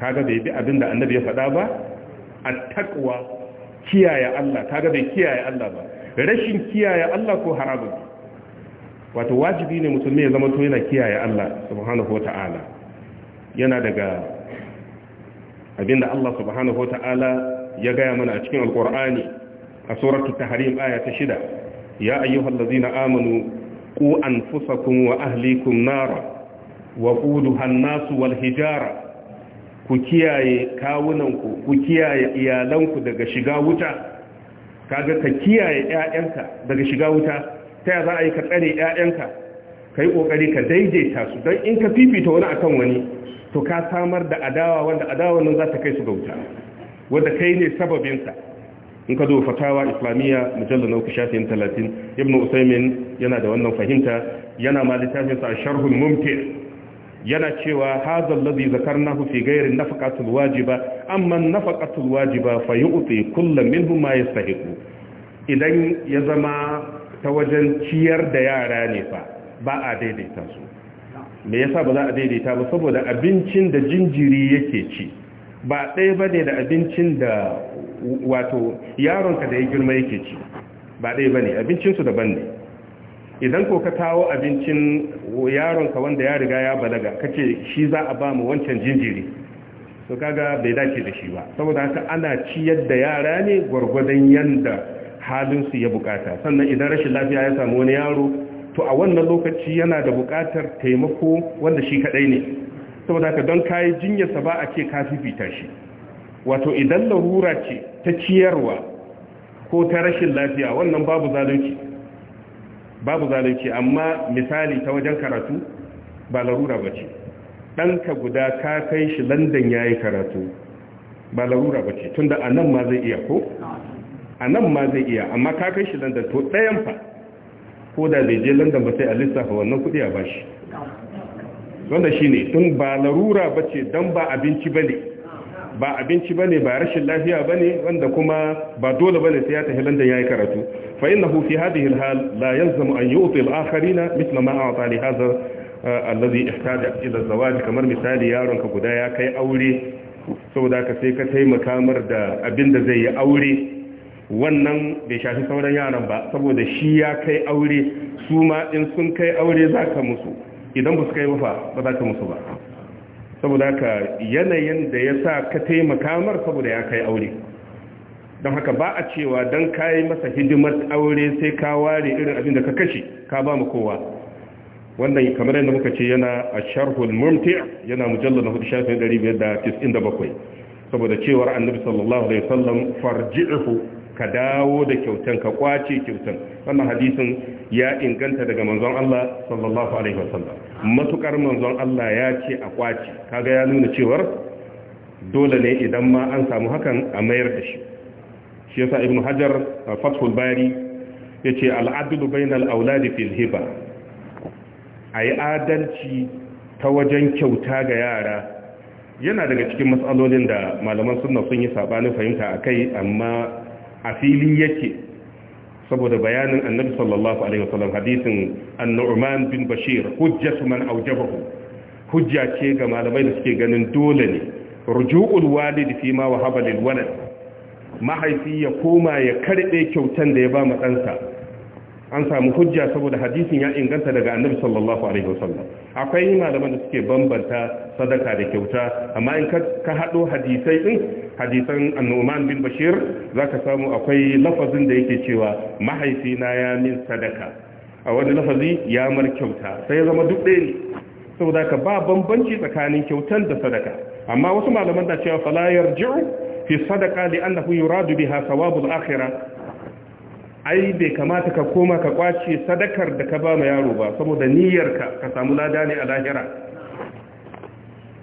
kaga bai bi abinda annabi ya faɗa ba at-taqwa kiyaye Allah kaga bai kiyaye Allah ba rashin kiyaye Allah ko haramun wato wajibi ne musulmi ya zama to yana kiyaye Allah subhanahu wata'ala yana daga abinda Allah subhanahu wata'ala ya gaya mana a cikin alkur'ani a suratul tahrim aya ta shida ya ayyuhallazina amanu qu anfusakum wa ahlikum nara wa quduha an-nasu wal hijara ku kiyaye kawunanku ku kiyaye iyalanku daga shiga wuta kaga ka kiyaye ƴaƴanka daga shiga wuta ta ya za a yi ka tsare ƴaƴanka ka yi ƙoƙari ka daidaita su don in ka fifita wani akan wani to ka samar da adawa wanda adawa nan za ta kai su ga wuta wanda kai ne sababinsa in ka zo fatawa islamiyya mujallar nauku shafin talatin ibn usaimin yana da wannan fahimta yana ma littafinsa a sharhul mumtir yana cewa hazal ladhi zakarnahu fi ghayri nafaqatul wajiba amma nafaqatul wajiba fa yu'ti kullu minhum ma yastahiqu idan ya zama ta wajen ciyar da yara ne fa ba a daidaita su me yasa ba za a daidaita ba saboda abincin da jinjiri yake ci ba ɗaya bane da abincin da wato yaronka da ya girma yake ci ba ɗaya bane abincin su daban ne idan ko ka kawo abincin yaronka wanda ya riga ya balaga ka ce shi za a ba mu wancan jinjiri to kaga bai dace da shi ba saboda haka ana ciyar da yara ne gwargwadon yanda halinsu ya bukata sannan idan rashin lafiya ya samu wani yaro to a wannan lokaci yana da bukatar taimako wanda shi kadai ne saboda haka don kayi jinyarsa ba a ce ka fifita shi wato idan larura ce ta ciyarwa ko ta rashin lafiya wannan babu zalunci babu zalunci amma misali ta wajen karatu ba larura ba ce ɗanka guda ka kai shi landan ya yi karatu ba larura ba ce tun da a nan ma zai iya ko? a nan ma zai iya amma ka kai shi landan to ɗayan fa ko da zai je landan ba sai a lissafa wannan kuɗi a bashi wanda shi ne tun ba larura ba ce don ba abinci ba ne ba abinci ba ne ba rashin lafiya ba ne wanda kuma ba dole ba ne sai ya tafi landan ya yi karatu فإنه في هذه الحال لا يلزم أن يعطي الآخرين مثل ما أعطى لهذا الذي احتاج إلى الزواج kamar misali yaronka guda ya kai aure saboda ka sai ka taimaka mar da abin da zai yi aure wannan bai shafi sauran yaran ba saboda shi ya kai aure su ma in sun kai aure za ka musu idan ba su kai wafa ba za ka musu ba saboda ka yanayin da ya sa ka taimaka mar saboda ya kai aure don haka ba a cewa don kayi masa hidimar aure sai ka ware irin abin da ka kashe ka ba mu kowa wannan kamar yadda muka ce yana a sharhul mumti yana mujallar na hudu shafin 597 saboda cewar annabi sallallahu alaihi wasallam farji'uhu ka dawo da kyautan ka kwace kyautan wannan hadisin ya inganta daga manzon Allah sallallahu alaihi wasallam matukar manzon Allah ya ce a kwace kaga ya nuna cewar dole ne idan ma an samu hakan a mayar da shi shi yasa ibn hajar fathul bari yace al'adlu bainal auladi fil hiba ayi adalci ta wajen kyauta ga yara yana daga cikin matsalolin da malaman sunna sun yi sabanin fahimta a kai amma a filin yake saboda bayanin annabi sallallahu alaihi wasallam hadisin an bin bashir hujjatu man awjabahu hujja ce ga malamai da suke ganin dole ne ruju'ul walidi fi ma wahaba lil walad mahaifi ya koma ya karɓe kyautan da ya ba ɗansa an samu hujja saboda hadisin ya inganta daga annabi sallallahu alaihi wasallam akwai malaman da suke bambanta sadaka da kyauta amma in ka haɗo hadisai din hadisan annuman bin bashir zaka samu akwai lafazin da yake cewa mahaifina ya min sadaka a wani lafazi ya mar kyauta sai ya zama duk ɗaya ne saboda ka ba bambanci tsakanin kyautan da sadaka amma wasu malaman da cewa fala yarji'u fi sadaka li annahu yuradu biha thawabul akhirah ai bai kamata ka koma ka kwace sadakar da ka ba ma yaro ba saboda niyyarka ka samu lada ne a lahira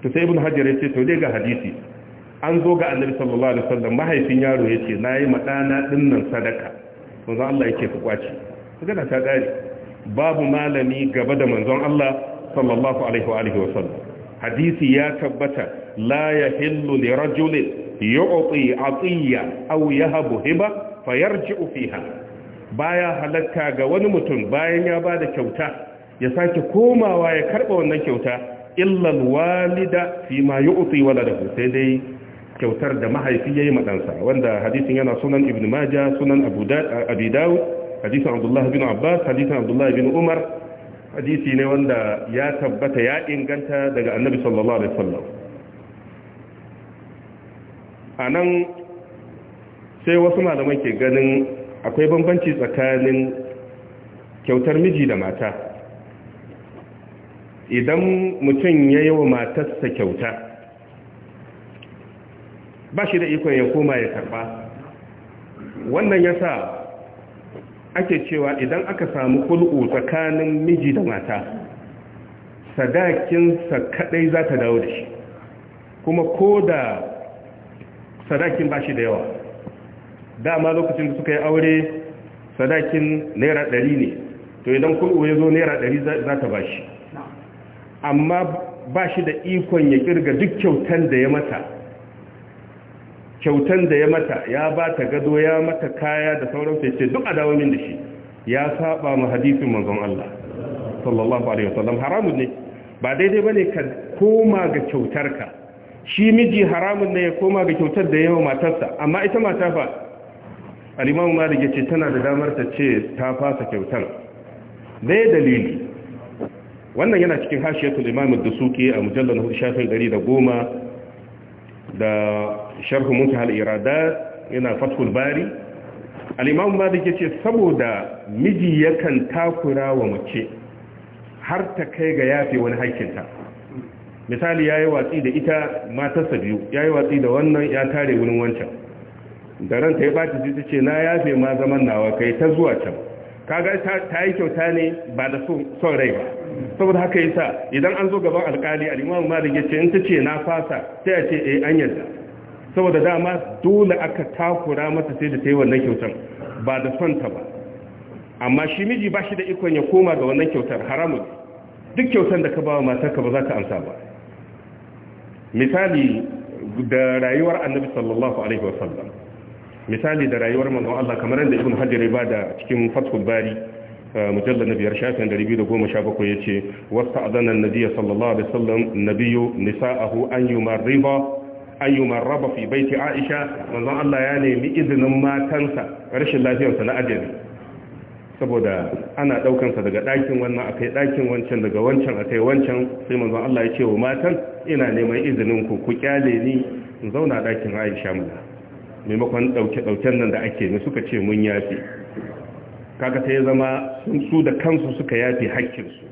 to sai ibn hajar yace to dai ga hadisi an zo ga annabi sallallahu alaihi wasallam mahaifin yaro yace nayi madana dinnan sadaka manzon Allah yake ka kwace magana ta gari babu malami gaba da manzon Allah sallallahu alaihi wa alihi wasallam hadisi ya tabbata la yahillu li rajulin yu'ti atiya aw yahabu hiba fayarji'u fiha baya halatta ga wani mutum bayan ya bada kyauta ya sake komawa ya karba wannan kyauta illa alwalida fi ma yu'ti waladahu sai dai kyautar da mahaifi yayi ma ɗansa wanda hadisin yana sunan ibnu majah sunan abu abi daud hadisin abdullah bin abbas hadisin abdullah bin umar hadisi ne wanda ya tabbata ya inganta daga annabi sallallahu alaihi wasallam a nan sai wasu malamai ke ganin akwai bambanci tsakanin kyautar miji da mata idan mutum ya yi wa matarsa kyauta ba shi da ikon ya koma ya karba wannan ya sa ake cewa idan aka samu hul'u tsakanin miji da mata sadakinsa kadai za ta dawo da shi kuma ko da sadakin bashi da yawa dama lokacin da suka yi aure sadakin naira ɗari ne to idan kuɗi ya zo naira ɗari za ta ba amma bashi da ikon ya kirga duk kyautan da ya mata kyautan da ya mata ya ba ta gado ya mata kaya da sauran fece duk adawamin da shi ya saba ma hadisin manzon Allah sallallahu alaihi wasallam haramun ne ba daidai bane ka koma ga kyautarka shi miji haramun ne ya koma ga kyautar da yawa matarsa amma ita mata fa alimamu malik ya ce tana da damar ta ce ta fasa kyautar dai dalili wannan yana cikin hashiyatu limamin da suke a mujallar shafin dari da goma sharh muntah al-iradat yana fathul bari alimamu malik ya ce saboda miji yakan takura wa mace har ta kai ga yafe wani haikinta misali ya yi watsi da ita matarsa biyu ya yi watsi da wannan ya tare wurin wancan da ranta ya ji ta ce na yafe ma zaman nawa kai ta zuwa can kaga ta yi kyauta ne ba da son rai ba saboda haka sa idan an zo gaban alkali al'imamu malik ya ce in ta ce na fasa ta ya ce eh an yarda saboda dama dole aka takura mata sai da ta yi wannan kyautar ba da son ta ba amma shi miji ba shi da ikon ya koma ga wannan kyautar haramun duk kyautar da ka ba wa matarka ba za ka amsa ba misali da rayuwar annabi sallallahu alaihi wasallam misali da rayuwar manzon Allah kamar yadda ibn hajar ya bada cikin fathul bari uh, mujallal na biyar shafin 217 yace wasta'adana an-nabiy sallallahu alaihi wasallam nabiyyu nisa'ahu an yumarriba an yumarraba fi baiti aisha manzon Allah ya nemi izinin matansa rashin lafiyarsa na ajali saboda ana daukansa daga ɗakin wannan akai ɗakin wancan daga wancan akai wancan sai manzon Allah ya ce wa matan ina neman izinin ku ku kyale ni in zauna ɗakin Aisha mana maimakon dauke daukan nan da ake ne suka ce mun yafi kaga sai ya zama sun su da kansu suka yafi hakkin su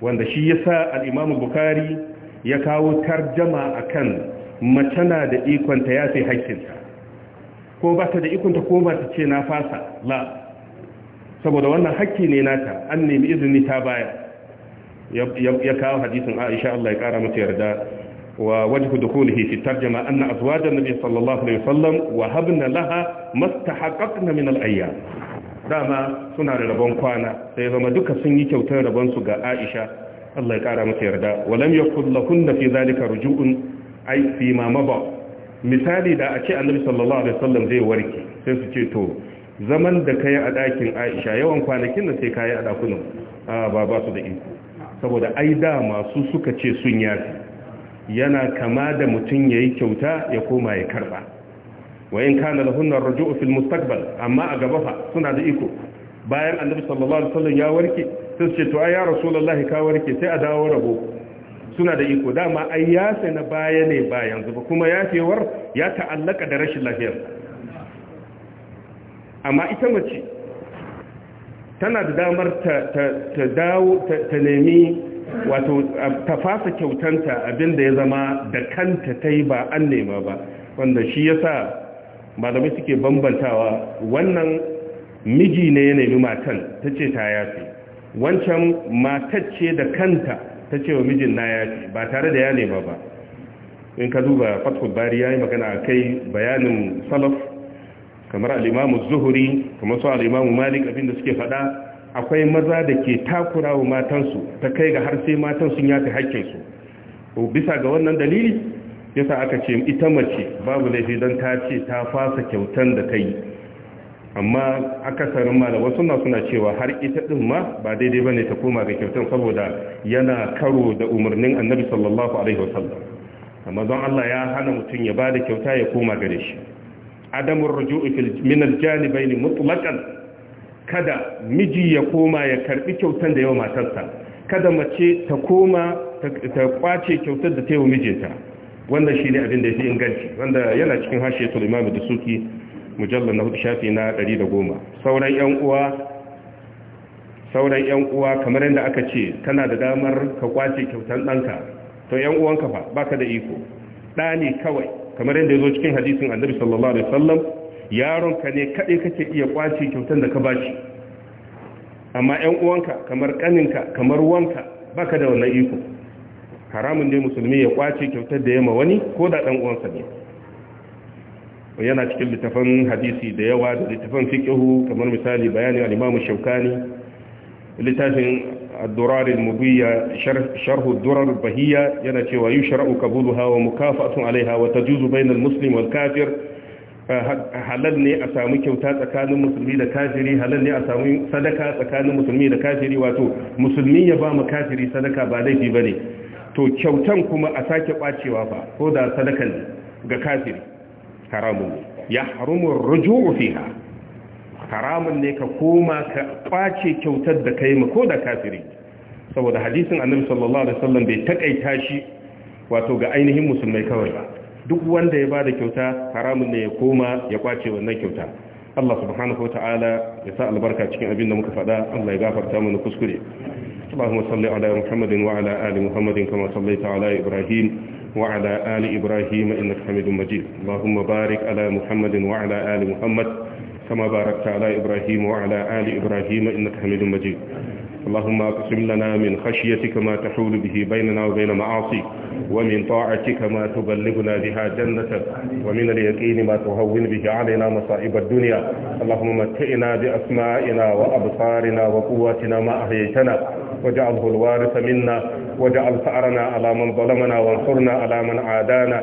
wanda shi yasa al-Imam Bukhari ya kawo tarjuma akan mace na da ikonta ta yafi hakkinta ko ba ta da ikon ko ba ta ce na fasa la saboda wannan hakki ne nata an nemi izini ta baya ya kawo hadisin Aisha Allah ya kara mata yarda wa wajhu dukhulihi fi tarjuma anna azwaj an-nabi sallallahu alaihi wasallam wa habna laha mastahaqqaqna min al-ayyam dama suna da rabon kwana sai zama duka sun yi kyautar rabon su ga Aisha Allah ya kara mata yarda wa lam yakul lahunna fi zalika ruju'un ay fi ma maba misali da a ce annabi sallallahu alaihi wasallam zai warke sai su ce to zaman da kai a ɗakin aisha yawan kwanakin da sai kayi a ɗakunan ba ba su da iko saboda ai da masu suka ce sun yafi yana kama da mutum ya yi kyauta ya koma ya karba wayan kana lahunna ruju'u fil mustaqbal amma a gaba suna da iko bayan annabi sallallahu alaihi wasallam ya warke sai su ce to ai ya rasulullahi ka warke sai a dawo rabo suna da iko dama ai ya sai na baya ne bayan ba kuma yafewar ya ta'allaka da rashin lafiyar amma ita mace tana da damar ta dawo ta nemi wato um, ta fasa kyautanta abinda ya zama da kanta ta yi ba an nema ba wanda shi ya sa malamai suke bambantawa wannan miji ne ya nemi matan ta ce ta yafi wancan matacce da kanta ta ce wa mijin na yafi ba tare da ya nema ba in ka duba fatkul bari ya yi magana a kai bayanin salaf kamar al'imamu zuhuri kamar su al'imamu malik abinda suke fada akwai maza da ke takura wa matansu ta kai ga har sai matan sun yafi haƙƙinsu bisa ga wannan dalili yasa aka ce ita mace babu laifi don ta ce ta fasa kyautan da ta yi amma aka akasarin wasu suna suna cewa har ita din ma ba daidai ba ne ta koma ga kyautan saboda yana karo da umarnin annabi sallallahu alaihi wasallam amma don allah ya hana mutum ya bada kyauta ya koma gare shi adamun ruju'i min aljanibaini mutlaqan kada miji ya koma ya karbi kyautan da yawa matarsa kada mace ta koma ta kwace kyautar da ta yawa mijinta wannan shine abin da ya fi inganci wanda yana cikin hashiyatul imam da suki mujallar na shafi na 110 sauran yan uwa sauran uwa kamar yadda aka ce kana da damar ka kwace kyautar ɗanka, to yan uwanka fa baka da iko ɗa ne kawai kamar yadda ya zo cikin hadisin annabi sallallahu alaihi wasallam yaronka ne kaɗai kake iya kwace kyautar da ka bashi amma ƴan uwanka kamar ƙaninka kamar wanka baka da wannan iko haramun ne musulmi ya kwace kyautar da yamma wani ko da ɗan uwansa ne yana cikin littafan hadisi da yawa da littafan fiqhu kamar misali bayani al-Imam Shawkani littafin durarin mubiya sharhu durar bahiya yana cewa yi shara'u kabuluha wa mukafatun alaiha ta juzu bainal muslim wal kafir eh, halal ne a samu kyauta tsakanin musulmi da kafiri halal ne a samu sadaka tsakanin musulmi da kafiri wato musulmi ya ba mu kafiri sadaka ba laifi ba ne to kyautan kuma a sake kwacewa ba ko da sadakan ga kafiri haramun ya harumun ruju'u fiha haramun ne ka koma ka kwace kyautar da kai ma ko da kafiri saboda hadisin annabi sallallahu alaihi wasallam bai takaita shi wato ga ainihin musulmai kawai ba duk wanda ya bada kyauta haramun ne ya koma ya kwace wannan kyauta Allah subhanahu wataala ya sa albarka cikin abin da muka faɗa Allah ya gafarta mana kuskure اللهم صل على محمد وعلى آل محمد كما صليت على إبراهيم وعلى آل إبراهيم إنك حميد مجيد اللهم بارك على محمد وعلى آل محمد كما باركت على إبراهيم وعلى آل إبراهيم إنك حميد مجيد اللهم اقسم لنا من خشيتك ما تحول به بيننا وبين معاصيك ومن طاعتك ما تبلغنا بها جنتك ومن اليقين ما تهون به علينا مصائب الدنيا اللهم متئنا بأسمائنا وأبصارنا وقواتنا ما أحييتنا واجعله الوارث منا واجعل ثأرنا على من ظلمنا وانصرنا على من عادانا